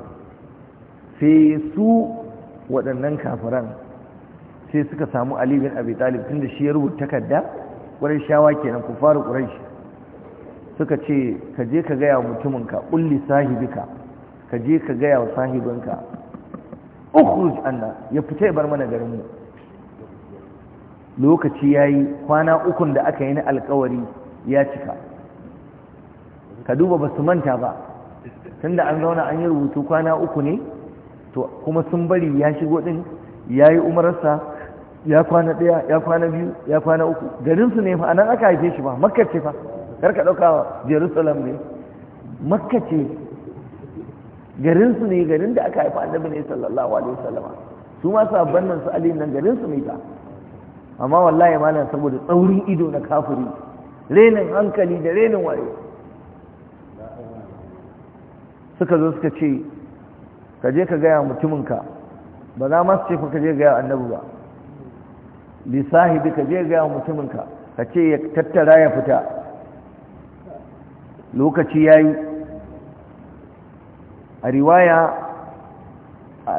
sai su waɗannan kafiran sai suka samu ali bin abi talib tun da shi ya rubuta takarda wurin shawa kenan ku fara ƙuraishi suka ce ka je ka gaya mutuminka ƙulli sahibika ka je ka gaya wa sahibinka ukhruj anna ya fita ya bar mana garin mu lokaci yayi kwana ukun da aka yi na alkawari ya cika ka duba ba su manta ba tunda an zauna an yi rubutu kwana uku ne to kuma sun bari ya shigo din yayi umararsa ya kwana daya ya kwana biyu ya kwana uku garin su ne fa anan aka haife shi ba makka ce fa karka dauka Jerusalem ne makka ce garinsu ne garin da aka haifa annabi ne sallallahu alaihi wasallama su ma sabban nan su ali nan su ne ta amma wallahi malam saboda tsaurin ido na kafiri renin hankali da renin waye suka zo suka ce ka je ka gaya mutuminka ba za ma su ce fa ka je gaya annabi ba lisahibi ka je gaya mutuminka ka ce ya tattara ya fita lokaci yayi رواية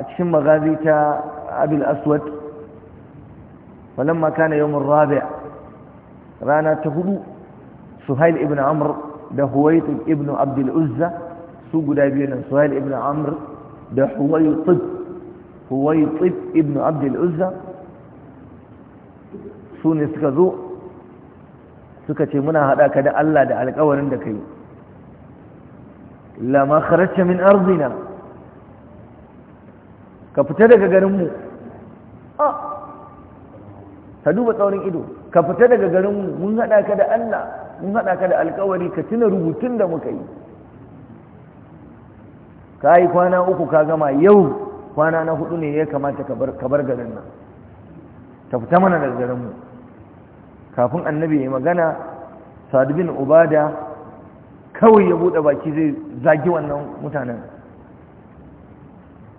تشم غازية أبي الأسود ولما كان يوم الرابع رانا تهدو سهيل ابن عمر ده هويت ابن عبد العزة سوق دابينا سهيل ابن عمر ده هويطب هويطب ابن عبد العزة سوني سكذو سكتي منها هذا كده ألا ده على قوة عندك يوم lama kharajta min ardina ka fita daga garinmu ah, ka duba tsaurin ido ka fita daga garinmu mun hada ka da Allah mun hada ka da alkawari ka tuna rubutun da muka yi ka yi kwana uku ka gama yau kwana na hudu ne ya kamata ka bar garin nan ka fita mana daga garinmu kafin annabi ya yi magana sadu bin ubada kawai ya buɗe baki zai zagi wannan mutanen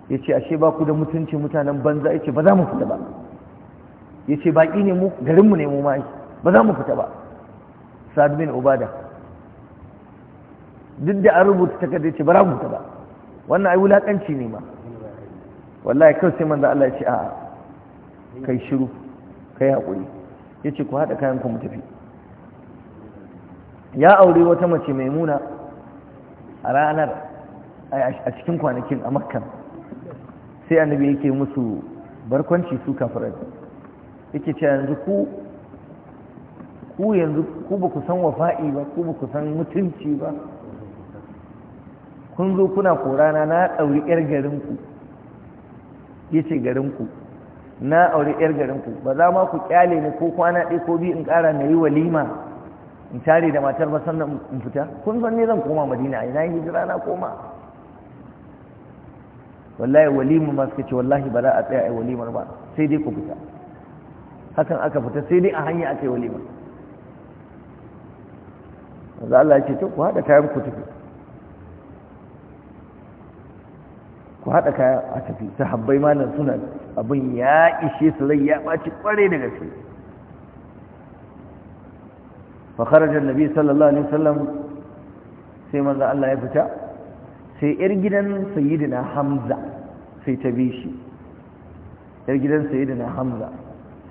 ya ce ashe ba ku da mutunci mutanen banza ya ce ba za mu fita ba ya ce baƙi ne mu garinmu ne mu ma ba za mu fita ba sa'ad bin obada duk da an rubuta ya ce ba za mu fita ba wannan ai wulaƙanci ne ma wallahi kawai sai manzo Allah ya ce a'a kai shiru kai haƙuri ya ce ku haɗa kayan ku mu tafi ya aure wata mace mai muna a ranar a cikin kwanakin a makka sai annabi yake musu barkwanci su kafirai yake ce yanzu ku ku yanzu ku ba ku san wafa'i ba ku ba ku san mutunci ba kun zo kuna korana na ɗauri 'yar garinku ya ce garinku na aure 'yar garinku ba za ma ku kyale ne ko kwana ɗaya ko biyu in ƙara na yi walima in tare da matar ba sannan in fita kun san ne zan koma madina a yi hijira na koma wallahi walimu ma suka ce wallahi ba za a tsaya a walimar ba sai dai ku fita hakan aka fita sai dai a hanya aka yi walimar yanzu Allah ya ce to ku haɗa kayan ku tafi ku haɗa kaya a tafi sahabbai malam suna abin ya ishe su rai ya ɓaci ƙware da gaske fa kharaja annabi sallallahu alaihi wasallam sai manzo Allah ya fita sai yar gidan sayyidina Hamza sai ta bi shi yar gidan sayyidina Hamza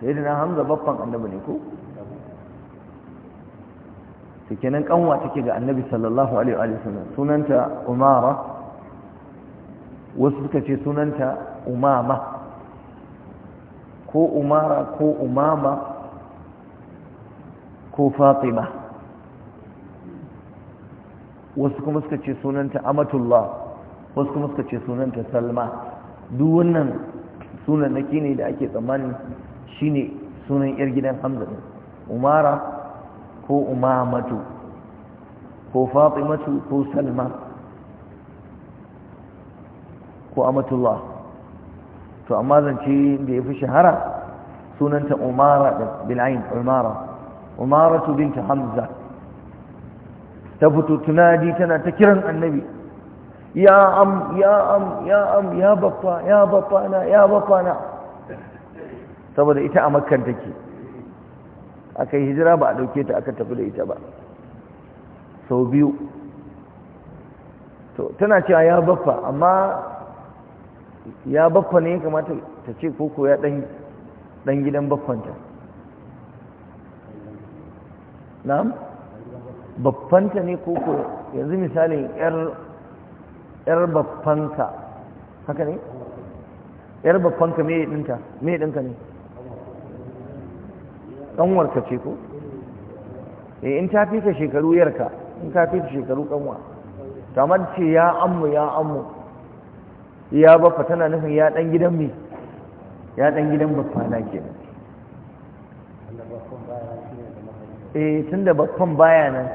sayyidina Hamza babban annabi ne ko to kenan kanwa take ga annabi sallallahu alaihi wa sallam sunanta umara wasu suka ce sunanta umama ko umara ko umama ko fatima wasu kuma suka ce sunanta amatullah wasu kuma suka ce sunanta salma duk wannan sunan na ne da ake tsammani shine sunan yar gidan hamza din umara ko umamatu ko fatimatu ko salma ko amatullah to amma zance da ya fi shahara sunanta umara da bil'ain umara umaratu binta hamza ta fito tunadi tana ta kiran annabi ya am ya am ya am ya baffa ya baffa na ya baffa na saboda ita a makkan take aka yi hijira ba a dauke ta aka tafi da ita ba sau biyu to tana cewa ya baffa amma ya baffa ne kamata ta ce koko ya dan gidan baffanta na'am babbanta ne ko ko yanzu misalin yar babbanta haka ne yar babbanta me dinta mai dinka ne ɗanwarka ce ko ne eh, in ta fita shekaru yarka in ka fita shekaru ɗanwa kamar ce ya ammu ya ammu ya baffa tana nufin ya ɗan gidan me ya ɗan gidan baffa na kenan eh tunda baffan baya nan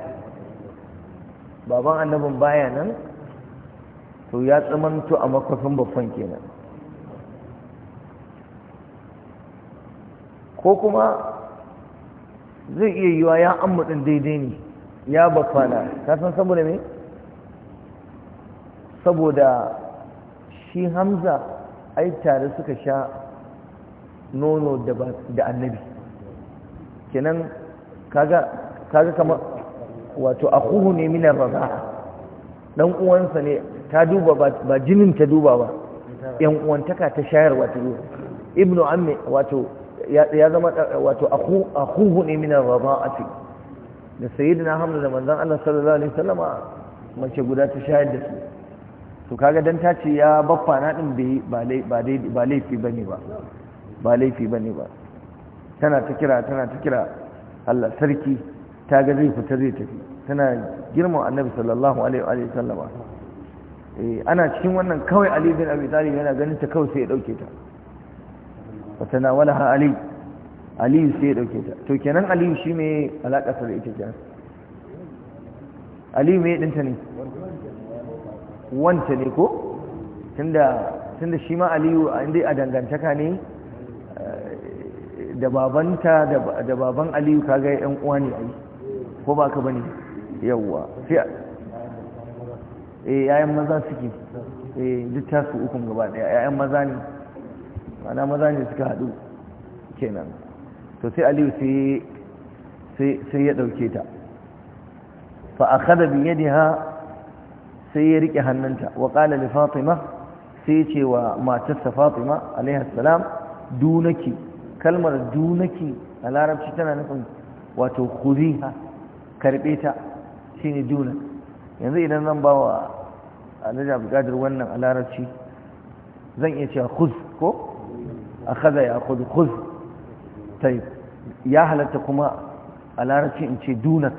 baban annabin baya nan to ya tsamanto a makwafin baffan kenan ko kuma zai iya yiwa ya ammudin daidai ne ya bakwana ka san saboda me saboda shi hamza ai tare suka sha nono da annabi kenan kaga kaga kamar wato akuhu ne minar raza'a dan uwansa ne ta duba ba jinin ta duba ba yan uwantaka ta shayar wato ibnu ammi wato ya zama wato akuhu ne minar raza'ati da sayyidina hamza da manzon Allah sallallahu alaihi wasallama mace guda ta shayar da su to kaga dan ta ce ya baffa na din bai ba ba laifi bane ba ba laifi bane ba tana ta kira tana ta kira Allah sarki ta ga zai fitar zai tafi tana girma annabi sallallahu alaihi wa sallama eh, ana cikin wannan kawai ali bin abi talib yana ganin ta kawai sai ya dauke ta fatana wala ha ali ali sai ya dauke ta to kenan ali shi me alaka sa da ita kenan ali me dinta ne wanta ne ko tunda tunda shi ma aliyu inda a dangantaka ne da babanta da baban aliyu kaga yan uwa ne ai ko ba ka bane yawwa sai eh yayan maza suke eh littafi tasu ukun gaba daya yayan maza ne ana maza ne suka hadu kenan to sai aliyu sai sai sai ya dauke ta fa akhadha bi yadiha sai ya rike hannunta wa qala li fatima sai ce wa matarsa fatima alaiha salam dunaki kalmar dunaki a larabci tana nufin wato kuziha karbe ta shine dunak yanzu idan zan ba wa alhaji abdulkadir wannan a larabci zan iya cewa khuz ko a kaza ya kudu? Ta yi ya halatta kuma a larabci in ce dunak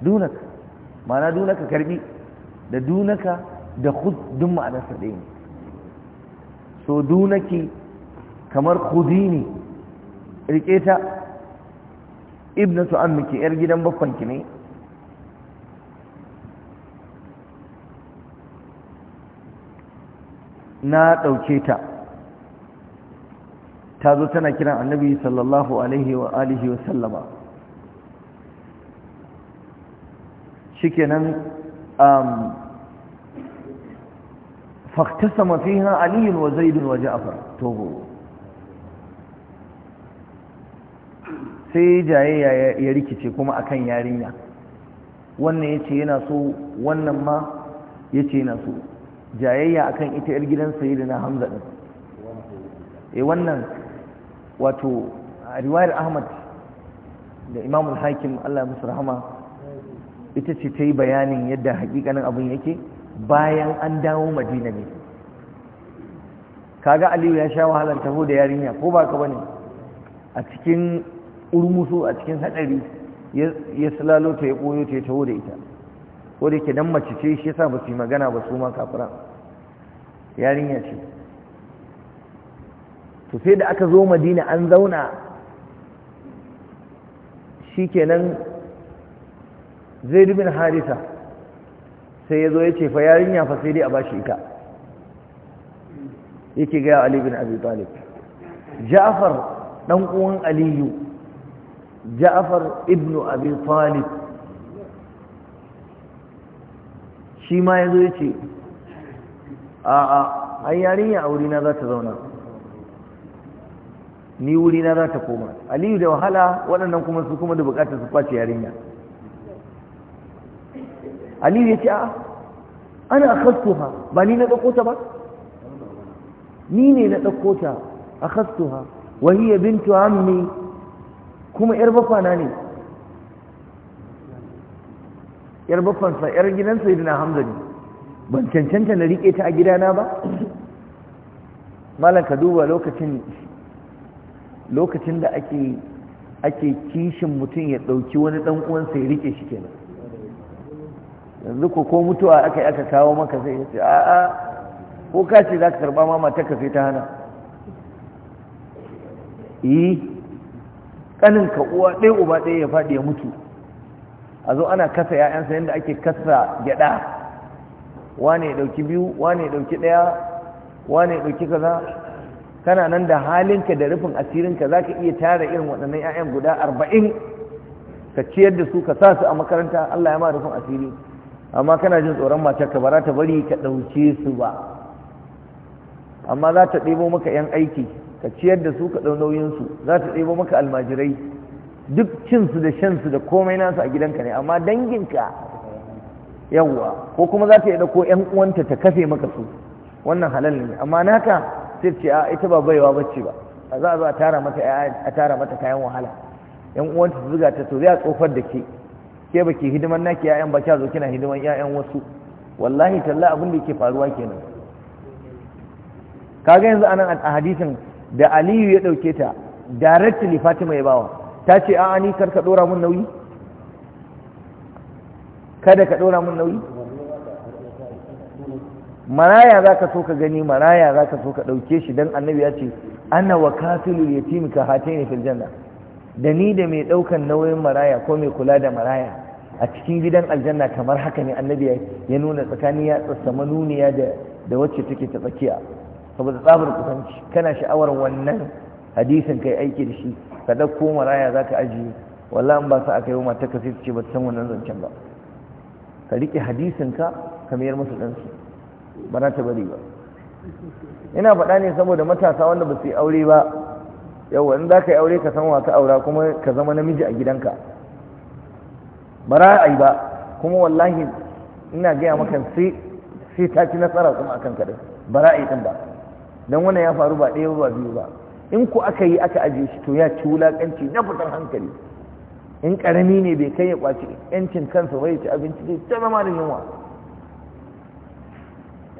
dunak ma'ana dunaka karbi da dunaka da khuz dun ma'anarsa ɗaya ne so dunaki kamar ne rike ta ibnu su ammiki yar gidan baffanki ne na ɗauke ta ta zo tana kiran annabi sallallahu alaihi wa alihi wa sallama shikenan um, faktasama fiha aliyun wa zaidun wa ja'far to sai jayayya ya rikice kuma akan yarinya wannan ya ce yana so wannan ma ya ce yana so jayayya akan ita yar gidan na Hamza ɗin E, eh, wannan wato riwayar Ahmad da imamul hakim Allah musu rahama ita ce ta yi bayanin yadda hakikanin abin yake bayan an dawo Madina ne kaga Aliyu ya sha wahalar taho da yarinya ko ba ka bane a cikin urmusu a cikin hadari ya silalo ta ya koyo ta ya taho da ita ko da ke dan mace ce shi yasa ba su yi magana ba su ma kafiran yarinya ce to sai da aka zo madina an zauna shikenan zaid bin harisa sai ya zo ya ce fa yarinya fa sai dai a bashi ita yake ga ali bin abi talib ja'far dan uwan aliyu ja'far ibn abi talib shi ma yazo yace a a ai yarinya a wurina za ta zauna ni wurina za ta koma aliyu da wahala waɗannan kuma su kuma da buƙatar su kwace yarinya aliyu ya ce a ana akhastuha ba ni na ɗauko ta ba ni ne na ɗauko ta akhastuha wa hiya bintu ammi kuma yar bafana ne yar bafansa yar gidan na hamza ne ban cancanta na rike ta a gidana ba malam ka duba lokacin lokacin da ake ake kishin mutum ya dauki wani dan uwansa ya rike shi kenan yanzu ko ko mutuwa aka aka kawo maka sai ya ce a a ko ka ce za ka karba mama ta kafe ta hana eh kanin ka uwa ɗaya uba ɗaya ya faɗi ya mutu a zo ana kasa ‘ya'yansa yadda ake kasa gyaɗa wane ya ɗauki biyu wane ya ɗauki ɗaya wane ya ɗauki kaza kana nan da halinka da rufin asirinka za ka iya tara irin waɗannan ‘ya'yan guda arba'in ka ciyar da su ka sa su a makaranta Allah ya ma rufin asiri amma kana jin tsoron matar ka bara ta bari ka ɗauke su ba amma za ta ɗebo maka ‘yan aiki ka ciyar da su ka ɗau nauyinsu za ta ɗebo maka almajirai duk cinsu da shansu da komai nasu a gidanka ne amma danginka yawwa ko kuma za ta yi ɗauko ‘yan uwanta ta kafe maka su wannan halal ne amma naka sai ce a ita ba baiwa bacci ba a za a zo a tara mata a tara mata kayan wahala ‘yan uwanta su zuga ta to zai a tsofar da ke ke ba ke hidiman naki ‘ya'yan ba kya zo kina hidiman ‘ya'yan wasu wallahi talla abin da yake faruwa kenan kaga yanzu anan a hadisin da aliyu ya ɗauke ta directly fatima ya bawa ta ce a ni kar ka ɗora mun nauyi kada ka ɗora mun nauyi maraya za ka so ka gani maraya za ka so ka ɗauke shi don annabi ya ce ana wa ya yatimi ka hataini fil janna da ni da mai ɗaukan nauyin maraya ko mai kula da maraya a cikin gidan aljanna kamar haka ne annabi ya nuna tsakaniya tsassama nuniya da wacce take ta tsakiya saboda tsabar kusanci kana sha'awar wannan hadisin kai aiki da shi ka ɗauko maraya za ka ajiye wallahi ba sa aka yi wa mata ka ce ba san wannan zancen ba ka riƙe hadisinka ka mayar musu ɗansu ba na ta bari ba ina faɗa ne saboda matasa wanda ba su yi aure ba yau wani za ka yi aure ka san wa ka aura kuma ka zama namiji a gidanka ba ra'ayi ba kuma wallahi ina gaya maka sai ta ci nasara kuma akan kaɗai ba ra'ayi ɗin ba dan wannan ya faru ba ɗaya ba biyu ba in ku aka yi aka ajiye shi to ya ci wulakanci na fitar hankali in karami ne bai kai ya kwaci yancin kansa bai ci abinci zai ta zama da yunwa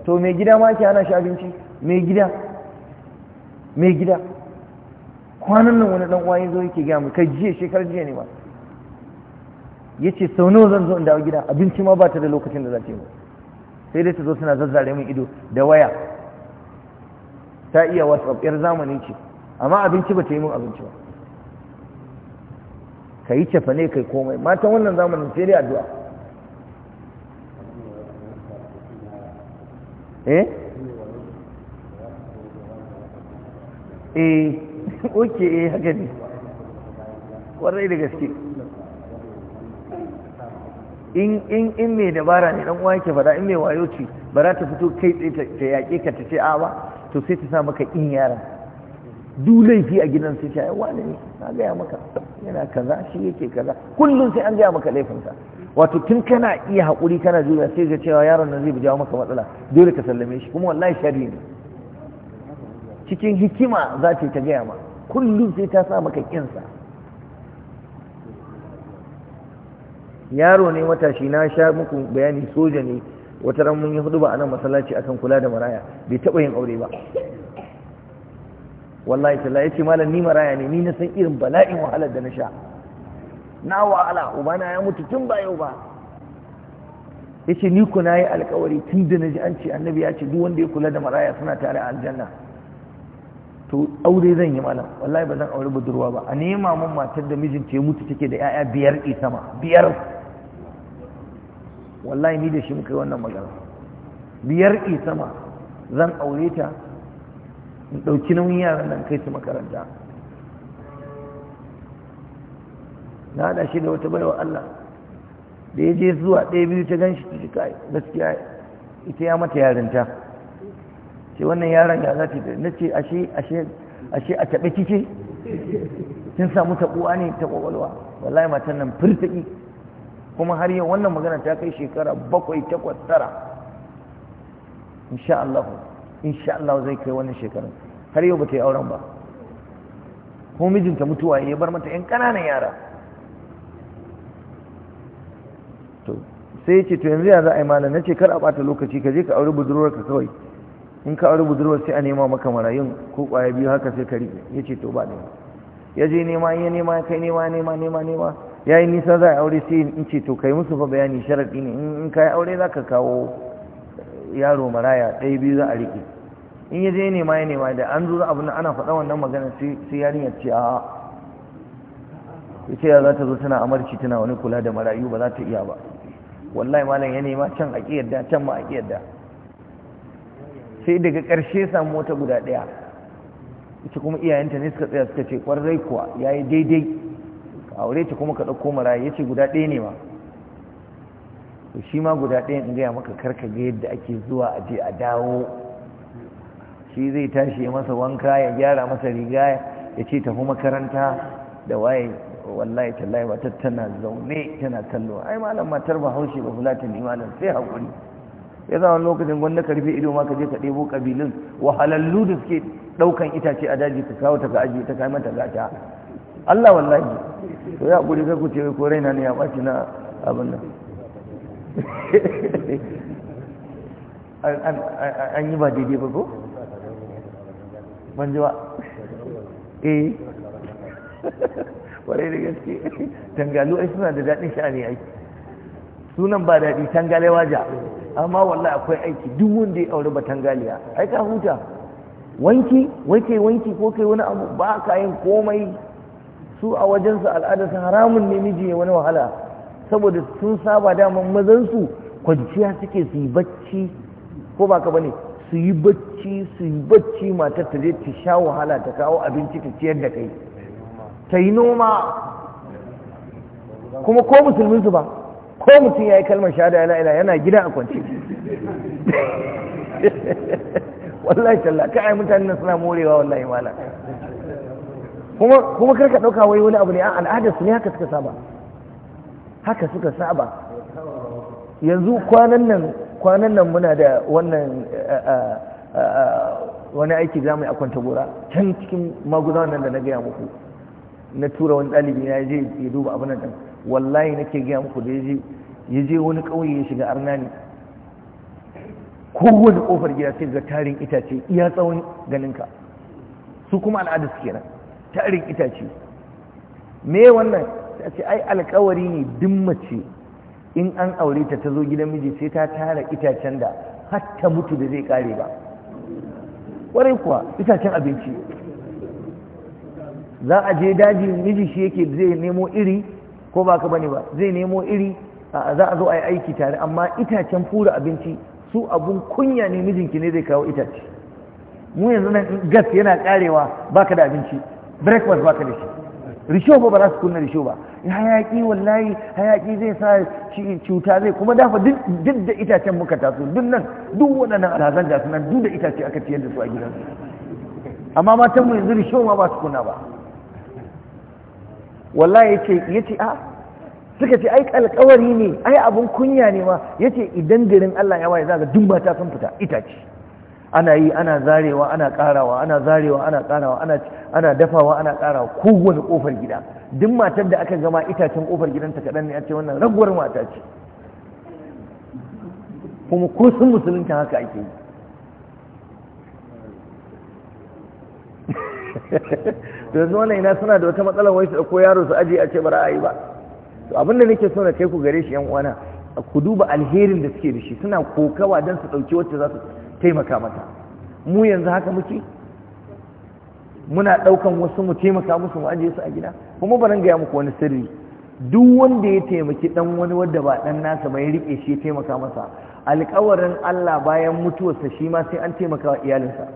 to mai gida ma ke hana shi abinci mai gida mai gida kwanan nan wani dan uwa ya zo yake gaya mu kai jiya shekarar jiya ne ba ya ce sau nawa zan zo in dawo gida abinci ma ba ta da lokacin da za ta yi sai dai ta zo suna zazzare min ido da waya ta iya wasu yar zamani ce amma abinci ba ta yi mun abinci ba ka yi cefa ne kai komai matan wannan zamanin sai dai addu'a eh eh ok eh haka ne warai da gaske in in mai dabara ne ɗan uwa yake fada in mai wayo ce ba za ta fito kai tsaye ta yaƙe ka ta ce a ba to sai ta sa maka in yaran duk laifi a gidan sai ta wani ne na gaya maka yana kaza shi yake kaza kullum sai an gaya maka laifinsa wato tun kana iya haƙuri kana juya sai ga cewa yaron nan zai bi jawo maka matsala dole ka sallame shi kuma wallahi shari ne cikin hikima za ta ta gaya ma kullum sai ta sa maka kinsa yaro ne matashi na sha muku bayani soja ne wata ran mun yi hudu ba a nan masallaci akan kula da maraya bai taɓa yin aure ba wallahi talla ya ce malam ni maraya ne ni na san irin bala'in wahalar da na sha na wahala ubana ya mutu tun ba yau ba ya ce ni ku na yi alkawari tun da na ji an ce annabi ya ce duk wanda ya kula da maraya suna tare a aljanna to aure zan yi malam wallahi ba zan aure budurwa ba a nema mun matar da mijinta ya mutu take da 'ya'ya biyar isama biyar wallahi ni da shi muka yi wannan magana biyar i sama zan aure ta in ɗauki nauyin yaran nan kai su makaranta na haɗa shi da wata baiwa Allah da ya je zuwa ɗaya biyu ta gan shi ta kai gaskiya ita ya mata yarinta ce wannan yaron ya za ta yi na ce ashe a taɓa kike kin samu taɓuwa ne ta ƙwaƙwalwa wallahi matan nan firtaƙi kuma har yau wannan magana ta kai shekara bakwai takwas tara insha'allahu insha'allahu zai kai wannan shekarun har yau ba ta yi auren ba ko mijinta mutuwa ya bar mata 'yan ƙananan yara to sai ce to yanzu ya za a yi malam na ce kar a ɓata lokaci ka je ka auri budurwar ka kawai in ka auri budurwar sai a nema maka marayun ko ƙwaya biyu haka sai ka riƙe ya ce to ba ne ya je nema ya nema ya kai nema nema nema nema ya yi nisa za a aure sai in ce to kai musu fa bayani sharaɗi ne in ka aure za ka kawo yaro maraya ɗaya biyu za a riƙe in ya je nema ya nema da an zo abu na ana faɗa wannan magana sai yarinyar ce a ita ya za ta zo tana amarci tana wani kula da marayu ba za ta iya ba wallahi malam ya nema can a ƙiyarda can ma a ƙiyarda sai daga ƙarshe samu wata guda ɗaya ita kuma iyayenta ne suka tsaya suka ce ƙwarai kuwa ya yi daidai aure ta kuma ka ɗauko maraya ya ce guda ɗaya ne ma to shi ma guda ɗaya in gaya maka karka ga yadda ake zuwa a je a dawo shi zai tashi ya masa wanka ya gyara masa riga ya ce tafi makaranta da waye wallahi tallahi wata tana zaune tana kallo ai malam matar ba haushe ba fulatin malam sai haƙuri ya zama lokacin gwanda rufe ido ma ka je ka ɗebo ƙabilun wahalallu da suke ɗaukan itace a daji ka kawo ta ka ajiye ta kai mata gata Allah wallahi to ya guri ku ce ko raina ne ya ɓaci na abin nan an yi ba daidai ba ko? ban ji eh ƙwarai da gaske tangalu ai suna da daɗin sha'ani ai sunan ba daɗi tangale waja, amma wallahi akwai aiki duk wanda ya aure ba tangaliya ai ka huta wanki wai kai wanki ko kai wani abu ba ka yin komai su a wajensu al'adarsa haramun ne miji ya wani wahala saboda sun saba daman mazansu kwanciya suke su yi bacci ko ba ka bane su yi bacci su yi bacci matar ta je ta sha wahala ta kawo abinci ta ciyar da kai ta yi noma kuma ko musulmin su ba ko mutum ya yi kalmar shahada ya la'ila yana gida a kwanci wallahi talla ai mutanen suna morewa wallahi mala kuma kar ka dauka wai wani abu ne a al'adar su ne haka suka saba haka suka saba yanzu kwanan nan kwanan nan muna da wannan eh, eh, eh, wani aiki za mu yi a kwanta gora can cikin maguza nan da na gaya muku na tura wani ɗalibi na je ya duba abin nan wallahi nake gaya muku da ya je wani ƙauye ya shiga arna ne kowane ƙofar gida sai ga tarin itace iya tsawon ganinka su kuma al'adar su kenan tarin itace me wannan ta ce ai alkawari ne dimmace in an aure ta ta zo gidan miji sai ta tara itacen da hatta mutu da zai kare ba ƙwarai kuwa itacen abinci za a je daji miji shi yake zai nemo iri ko ba ka bane ba zai nemo iri za a zo a yi aiki tare amma itacen fura abinci su abun kunya ne mijinki ne zai kawo itace mu yanzu nan gas yana karewa baka da abinci breakfast ka da shi risho ba ba za su kunna risho ba hayaki wallahi hayaki zai sa cuta zai kuma dafa duk da itacen muka taso duk nan duk waɗannan alhazan da sunan duk da itace aka ciyar da su a gidan amma matan mu yanzu risho ma ba su kunna ba wallahi yace yace a ah, suka ce ai alƙawari ne ai abun kunya ne ma yace idan garin Allah ya waye za ga dumba ta sun fita itace ana yi ana zarewa ana karawa ana zarewa ana karawa ana dafawa ana karawa kowane kofar gida duk matar da aka gama itacen kofar gidanta kaɗan ne a ce wannan raguwar mata ce kuma ko sun musulunta haka ake yi to yanzu wannan ina suna da wata matsalar wai su ko yaro su aje a ce ba ra'ayi ba to abinda nake so na kai ku gare shi yan uwana ku duba alherin da suke da shi suna kokawa don su ɗauki wacce za su taimaka mata mu yanzu haka muke muna ɗaukan wasu mu taimaka musu mu ajiye su a gida kuma ba nan gaya muku wani sirri duk wanda ya taimaki dan wani wanda ba dan nasa ba ya rike shi ya taimaka masa alƙawarin Allah bayan mutuwarsa shi ma sai an taimaka wa iyalinsa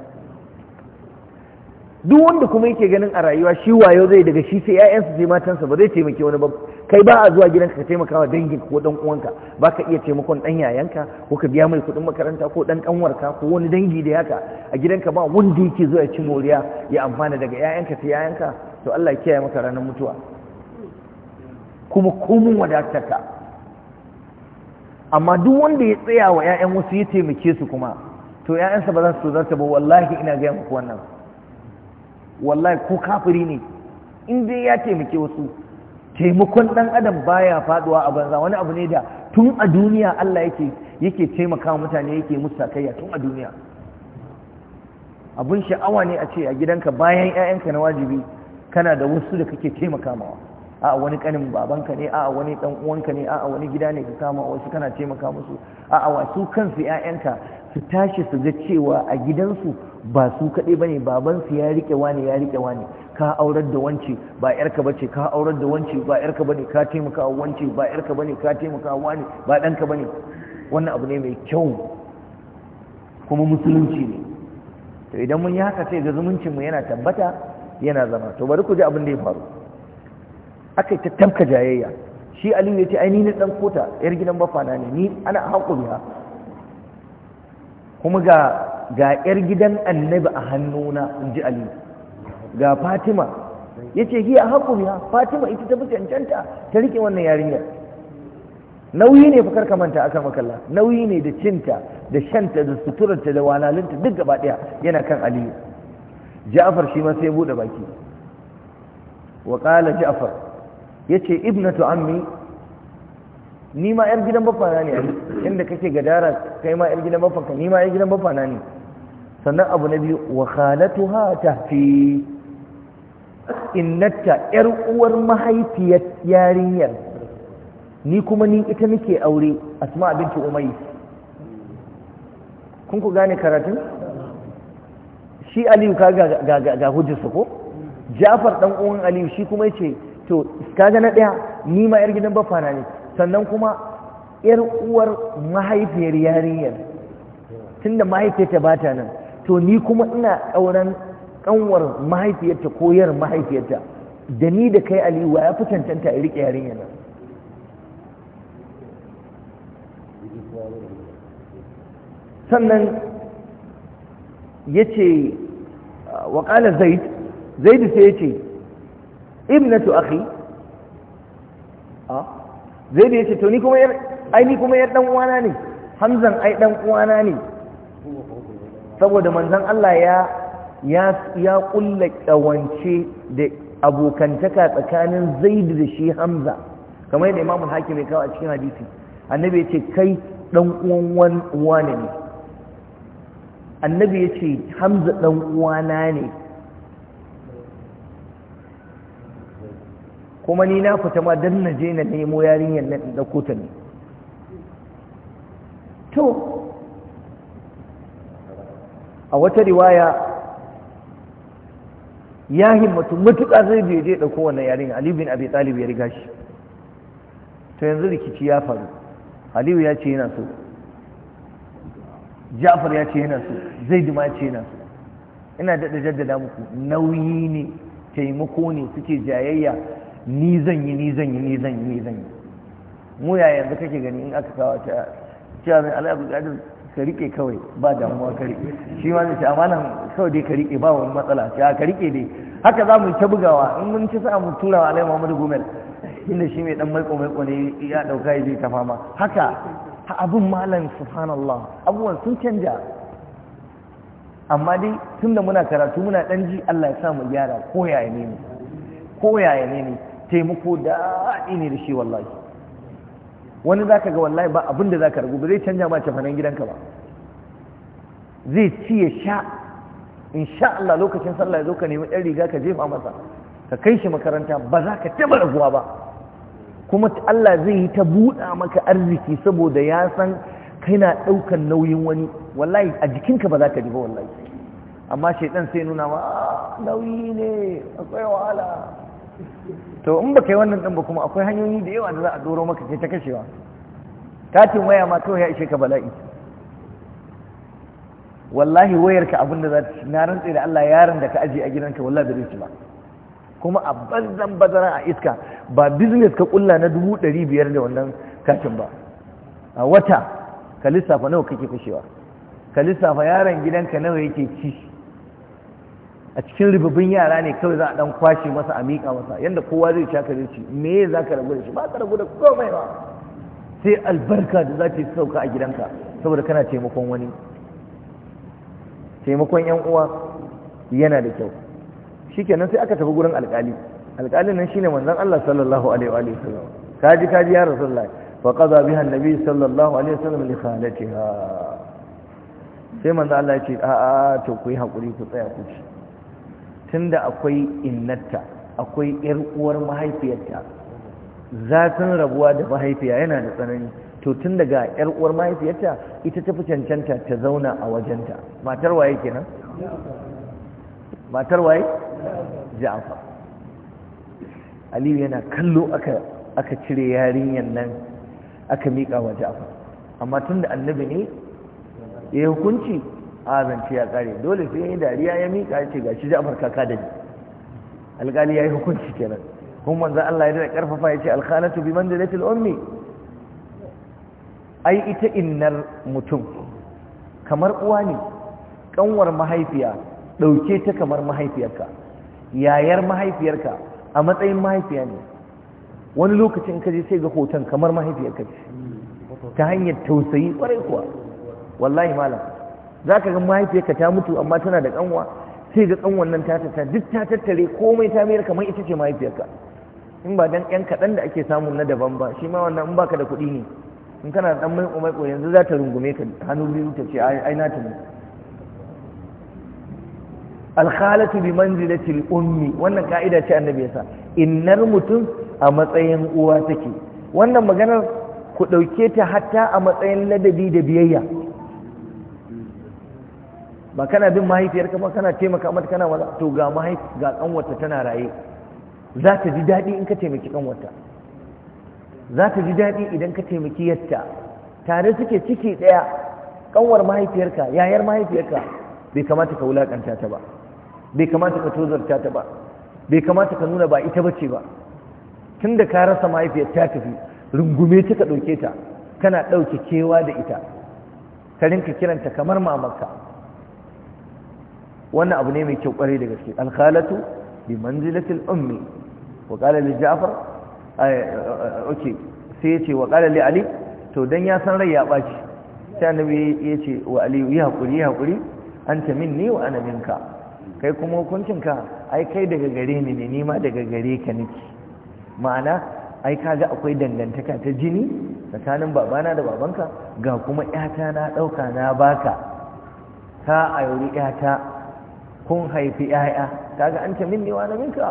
duk wanda kuma yake ganin a rayuwa shi wayo zai daga shi sai 'ya'yansa sai matansa ba zai taimaki wani ba kai ba a zuwa gidanka ka taimaka wa dangin ko dan uwanka ba ka iya taimakon dan yayanka ko ka biya mai kuɗin makaranta ko dan kanwarka ko wani dangi da yaka a gidanka ba wanda yake zuwa ci moriya ya amfana daga yayanka ta yayanka to Allah ya kiyaye maka ranar mutuwa kuma komun wadatarka amma duk wanda ya tsaya wa yayan wasu ya taimake su kuma to 'ya'yansa ba za su zarta ba wallahi ina ga muku wannan wallahi ko kafiri ne in dai ya taimake wasu taimakon ɗan adam baya faɗuwa a banza wani abu ne da tun a duniya Allah yake yake taimaka mutane yake musu tun a duniya abun sha'awa ne a ce a gidanka bayan 'ya'yanka na wajibi kana da wasu da kake taimaka mawa a wani kanin babanka ne a wani dan uwanka ne a wani gida ne ka kama wasu kana taimaka musu a wasu kansu 'ya'yanka su tashi su ga cewa a gidansu ba su kaɗai ba ne babansu ya riƙe wani ya riƙe wani ka aurar da wance ba yarka ba ce ka aurar da wance ba yarka ba ne ka taimaka wa wance ba yarka ba ne ka taimaka wa wani ba ɗanka ba ne wannan abu ne mai kyau kuma musulunci ne to idan mun yi haka sai ga zumuncinmu yana tabbata yana zama to bari ku ji abin da ya faru aka yi ta tamka jayayya shi aliyu ya ce ai ni na ɗan kota yar gidan bafana ne ni ana haƙuri ha kuma ga ga yar gidan annabi a hannuna in ji ali ga fatima ya ce hiya haƙu biya fatima ita ta fi cancanta ta riƙe wannan yarinyar nauyi ne fakar manta aka makalla nauyi ne da cinta da shanta da suturarta da walalinta duk gaba ɗaya yana kan aliyu ja'far shi ma sai ya buɗe baki wa ja'far ya ibnatu ammi ni ma yar gidan bafana ne inda kake gadara kai ma yar gidan ka ni ma yar gidan bafana ne sannan abu na biyu wa khalatuha tahfi innata yar uwar mahaifiyar yarinyar ni kuma ni ita nake aure asma binti umayyi kun ku gane karatun shi aliyu ka ga ga hujjarsa ko jafar dan uwan aliyu shi kuma yace to kaga na daya ni ma yar gidan bafana ne sannan kuma yar uwar mahaifiyar yarinyar tunda mahaifiyarta ba ta nan to ni kuma ina ƙauran ƙanwar mahaifiyarta ko yar mahaifiyarta da ni da kai aliyu ya fi cancanta ya riƙe yarinyar nan sannan ya ce waƙalar zaid zaidu sai ya ce ibnatu akhi a ah? zai da ce, to ni kuma yar ai ni kuma yar dan uwana ne hamzan ai dan uwana ne saboda manzon Allah ya ya ya kulla kawance da abokantaka tsakanin Zaid da shi Hamza kamar yadda Imam Hakim ya kawo a cikin hadisi annabi ya ce, kai dan uwan wani ne annabi ya ce, Hamza dan uwana ne kuma ni na fita ma dan na je na nemo yarinyar na ɗauko ta ne to a wata riwaya ya himmatu matuƙa zai je je ɗauko wannan yarinya Ali bin Abi Talib ya riga shi to yanzu rikici ya faru Aliyu ya ce yana so Ja'far ya ce yana so Zaid ma ya ce yana so ina daɗa jaddada muku nauyi ne taimako ne suke jayayya ni zan yi ni zan yi ni zan yi ni zan yi mu ya yanzu kake gani in aka kawo ta cewa mai abu gadin ka rike kawai ba damuwa ka rike shi ma zai ce amanan kawai dai ka rike ba wani matsala ce ka rike dai haka za mu ta bugawa in mun ci sa mu tura wa alai muhammadu gomel inda shi mai dan maiko maiko ne ya ɗauka ya ta fama haka abin malam subhanallah abubuwan sun canja amma dai tun da muna karatu muna ɗan ji allah ya sa mu gyara ko yaya ne ne ko ne ne taimako daɗi ne da shi wallahi wani za ka ga wallahi ba abin da za ka ragu ba zai canja ma cefanen gidanka ba zai ci ya sha in sha Allah lokacin sallah ya zo ka nemi ɗan riga ka jefa masa ka kai shi makaranta ba za ka taɓa raguwa ba kuma Allah zai yi ta buɗa maka arziki saboda ya san kai na ɗaukar nauyin wani wallahi a jikinka ba za ka ji ba wallahi amma shaidan sai nuna ma ah, nauyi ne akwai wahala to in baka yi wannan ɗan ba kuma akwai hanyoyi da yawa da za a doro maka ce ta kashewa katin waya ma kawai ya ishe ka bala'i wallahi wayarka abinda za ta na rantse da Allah yaron da ka aje a gidanka wallahi da ci ba kuma a bazan bazara a iska ba business ka kulla na dubu ɗari biyar da wannan katin ba a wata ka lissafa nawa kake kashewa ka lissafa yaron gidanka nawa yake ci a cikin rububin yara ne kawai za a dan kwashe masa a miƙa masa yadda kowa zai sha shi me za ka rabu da shi ba ka rabu da komai ba sai albarka da za ta sauka a gidanka saboda kana taimakon wani taimakon yan uwa yana da kyau shikenan sai aka tafi gurin alƙali alƙalin nan shine manzon Allah sallallahu alaihi wa alihi wasallam kaji kaji ya rasulullah fa qada biha annabi sallallahu alaihi wasallam li khalatiha sai manzon Allah ya ce a a to ku yi hakuri ku tsaya ku ci tunda akwai innata akwai yar uwar mahaifiyarta zafin rabuwa da mahaifiya yana da tsanani to tun daga yar uwar mahaifiyarta ita ta fi cancanta ta zauna a wajenta matar waye kenan matar waye jafa aliyu yana kallo aka aka cire yarinyar nan aka mika wa jafa amma tunda annabi ne ya hukunci azanci ya kare dole sai yi dariya ya mika ya ce gashi Ja'far kaka da ni alƙali yi hukunci kenan kuma manzan Allah ya da karfafa ya ce alkhalatu bi manzan latin ummi ai ita innar mutum kamar uwa ne ƙanwar mahaifiya ɗauke ta kamar mahaifiyarka yayar mahaifiyarka a matsayin mahaifiya ne wani lokacin ka je sai ga hoton kamar mahaifiyarka ce ta hanyar tausayi kwarai kuwa wallahi malam za ka ga mahaifiyarka ta mutu amma tana da kanwa sai ga kanwan nan ta tattara duk ta tattare komai ta mayar kamar ita ce mahaifiyarka in ba dan ƴan kaɗan da ake samun na daban ba shi ma wannan in baka da kuɗi ne in kana da dan mai umai ko yanzu za ta rungume ka hannu biyu ta ce ai na ta ne alkhalatu bi manzilati al-ummi wannan ka'ida ce annabi ya yasa innar mutum a matsayin uwa take wannan maganar ku dauke ta hatta a matsayin ladabi da biyayya ba kana bin mahaifiyarka ba kana taimaka mata kana wala to ga mahaifi ga kanwarta tana raye za ta ji daɗi in ka taimaki kanwarta za ta ji daɗi idan ka taimaki yatta tare suke ciki ɗaya kanwar mahaifiyarka yayar mahaifiyarka bai kamata ka wulakanta ta ba bai kamata ka tozarta ta ba bai kamata ka nuna ba ita bace ba tun da ka rasa mahaifiyar ta tafi rungume ta ka ɗauke ta kana ɗauke kewa da ita ka rinka kiranta kamar mamarka wannan abu ne mai kyau kware da gaske alkhalatu bi manzilatil ummi wa qala li ja'far okay sai yace wa qala li ali to dan ya san rai ya baci sai annabi yace wa ali ya hakuri ya hakuri anta minni wa ana minka kai kuma hukuncin ka, ai kai daga gare ni ne ni daga gare ka nake ma'ana ai kaga akwai dangantaka ta jini tsakanin babana da babanka ga kuma 'yata na ɗauka na baka ka a yauri 'yata kun haifi yaya kaga anta minni wa ana minka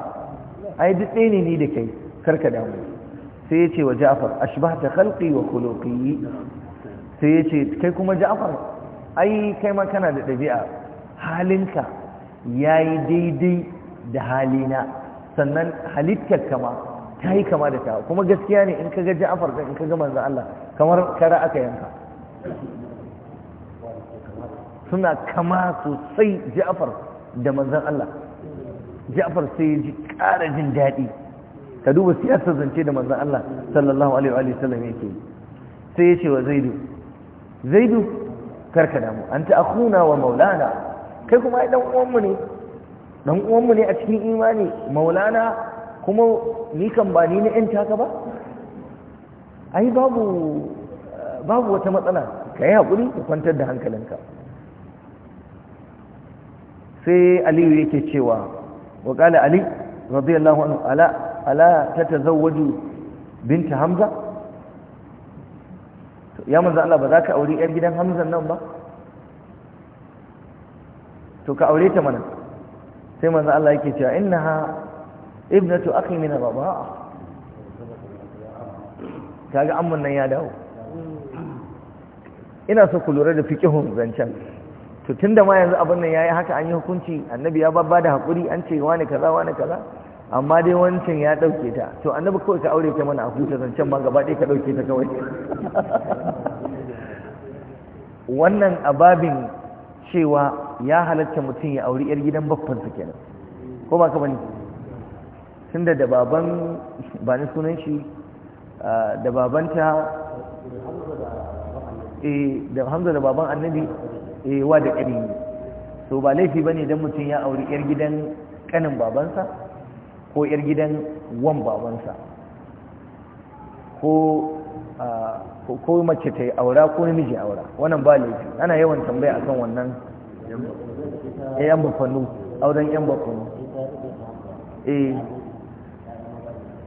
ai duk ne ni da kai karka damu sai ce wa Ja'far ta khalqi wa khuluqi sai ce kai kuma Ja'far ai kai ma kana da ɗabi'a halinka yayi daidai da halina sannan halittar kama ta yi kama da ta kuma gaskiya ne in ka ga Ja'far in ka ga manza Allah kamar kara aka yanka suna kama sosai Ja'far da manzan Allah Ja'far sai ya ji ƙara jin daɗi ka duba siyasar zance da manzan Allah sallallahu alaihi wa sallam yake sai ya ce wa Zaidu Zaidu karka damu An ta akuna wa maulana kai kuma ɗan uwanmu ne Ɗan uwanmu ne a cikin imani maulana kuma ni kan ba ni na yan taka ba ai babu babu wata matsala ka yi haƙuri ka kwantar da hankalinka sai aliyu yake cewa wa qala ali radiyallahu anhu ala ala tatazawwaju Binta hamza ya manzo Allah ba za ka aure yar gidan hamza nan ba to ka aure ta mana sai manzo Allah yake cewa innaha ibnatu akhi min ar-rida'a kaga amman nan ya dawo ina so ku lura da fiqihun zancan to tunda ma yanzu abin nan ya yi haka an yi hukunci annabi ya babba da hakuri an ce wani kaza wani kaza amma dai wancan ya ɗauke ta to annabi kawai ka aure ta mana a huta zancen ma gaba ɗaya ka ɗauke ta kawai wannan ababin cewa ya halatta mutum ya auri yar gidan baffansa kenan ko ba ka bani tunda da baban ba ni sunan shi da babanta eh, da Hamza da baban Annabi ewa eh, da ƙani ne so ba laifi ba ne don mutum ya auri yar gidan kanin babansa ko yar gidan wan babansa ko ko mace ta yi aura ko namiji aura wannan ba laifi ana yawan tambaya akan wannan yan eh, bafanu auren yan bafanu eh,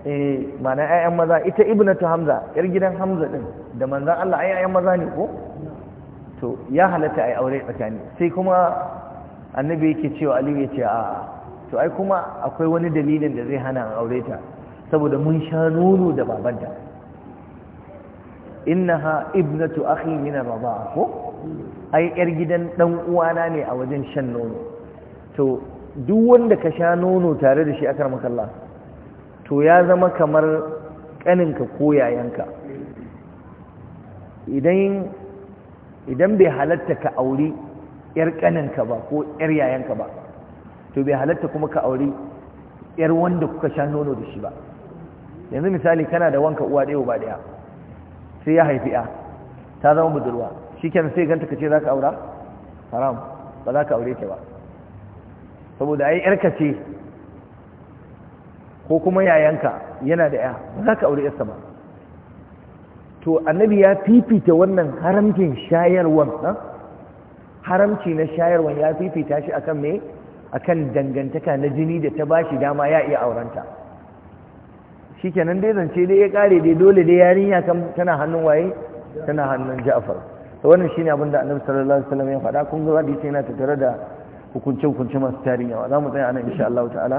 eh mana 'ya'yan maza ita ibnatu hamza yar gidan hamza din da manzan Allah 'ya'yan maza ne ko to ya halatta yi aure tsakani sai kuma annabi yake cewa aliyu ya ce a to ai kuma akwai wani dalilin da zai hana an aure ta saboda mun sha nono da babanta innaha ibnatu akhi min raba ridaa ko ai yar gidan dan uwana ne a wajen shan nono to duk wanda ka sha nono tare da shi akar makalla to ya zama kamar kaninka ko yayanka idan idan bai halatta ka auri yar kaninka ba ko yar yayanka ba to bai halatta kuma ka auri yar wanda kuka sha nono da shi ba yanzu misali kana da wanka uwa ɗaya ba ɗaya sai ya haifi ya ta zama budurwa shi kyan sai ganta ka ce za ka aura haram ba za ka aure ta ba saboda ai yarka ce ko kuma yayanka yana da ya ba za ka aure yarsa ba to annabi ya fifita wannan haramcin shayarwan haramci na shayarwan ya fifita shi akan me akan dangantaka na jini da ta bashi dama ya iya aurenta shikenan dai zance dai ya kare dai dole dai yarinya kan tana hannun waye tana hannun Ja'far to wannan shine abin da Annabi sallallahu alaihi wasallam ya faɗa kun ga hadisi yana tattare da hukunce hukunce masu tarinya Za mu tsaya anan insha Allah ta'ala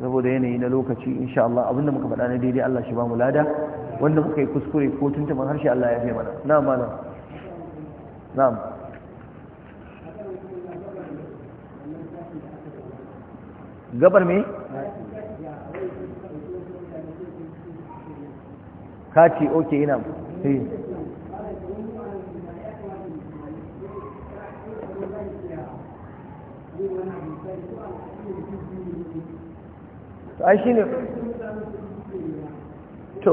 saboda yanayi na lokaci insha Allah abinda muka faɗa na daidai Allah shi ba mu lada wanda muka yi kuskure ko tuntuban harshe Allah ya fi mana na'am malam na'am gabar me kati oke ina sai eh. to ai shine to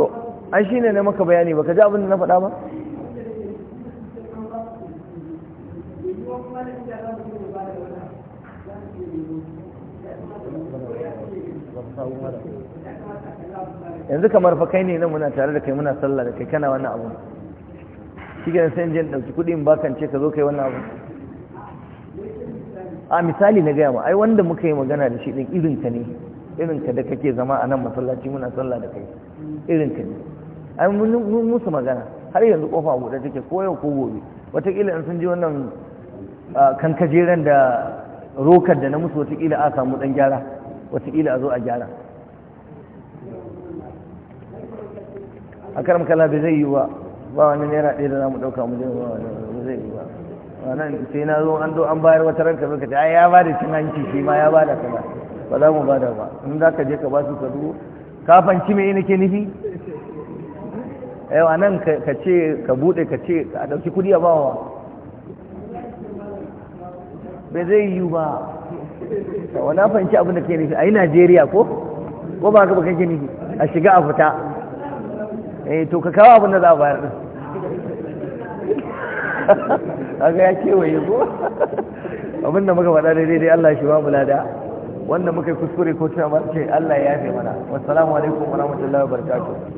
An shi ne na maka bayani ba ka ji abin da na faɗa ba yanzu kamar fa kai ne nan muna tare da kai muna sallah da kai kana wannan abu shi ke sai jin ɗauki kuɗi in bakance ka zo kai wannan abu a misali na gaya ma ai wanda muka yi magana da shi ɗin irinka ne irinka da kake zama a nan masallaci muna sallah da kai irinka ne ai mun musu magana har yanzu kofa buɗe take ko yau ko gobe wataƙila in sun ji wannan kankajeren da rokar da na musu wataƙila a samu ɗan gyara wataƙila a zo a gyara a karam kala bai zai yi ba ba wani naira ɗaya da za mu ɗauka mu je ba zai yi ba nan sai na zo an do an bayar wata ranka zai kaji ai ya ba da cin hanci shi ma ya ba da kaza ba za mu ba da ba in za ka je ka ba su ka dubu ka fanci me nake nufi yau nan ka ce ka bude ka ce ka dauki kudi a bawa ba zai yi ba wani fahimci abin da ke nufi a yi najeriya ko ko ba ka ba kake nufi a shiga a fita eh to ka kawo abin da za a bayar din kaga ya kewaye ko abin da muka faɗa daidai Allah shi ba mu lada wanda muka yi kuskure ko tunabar ce Allah ya yafe mana wassalamu alaikum wa barakatuh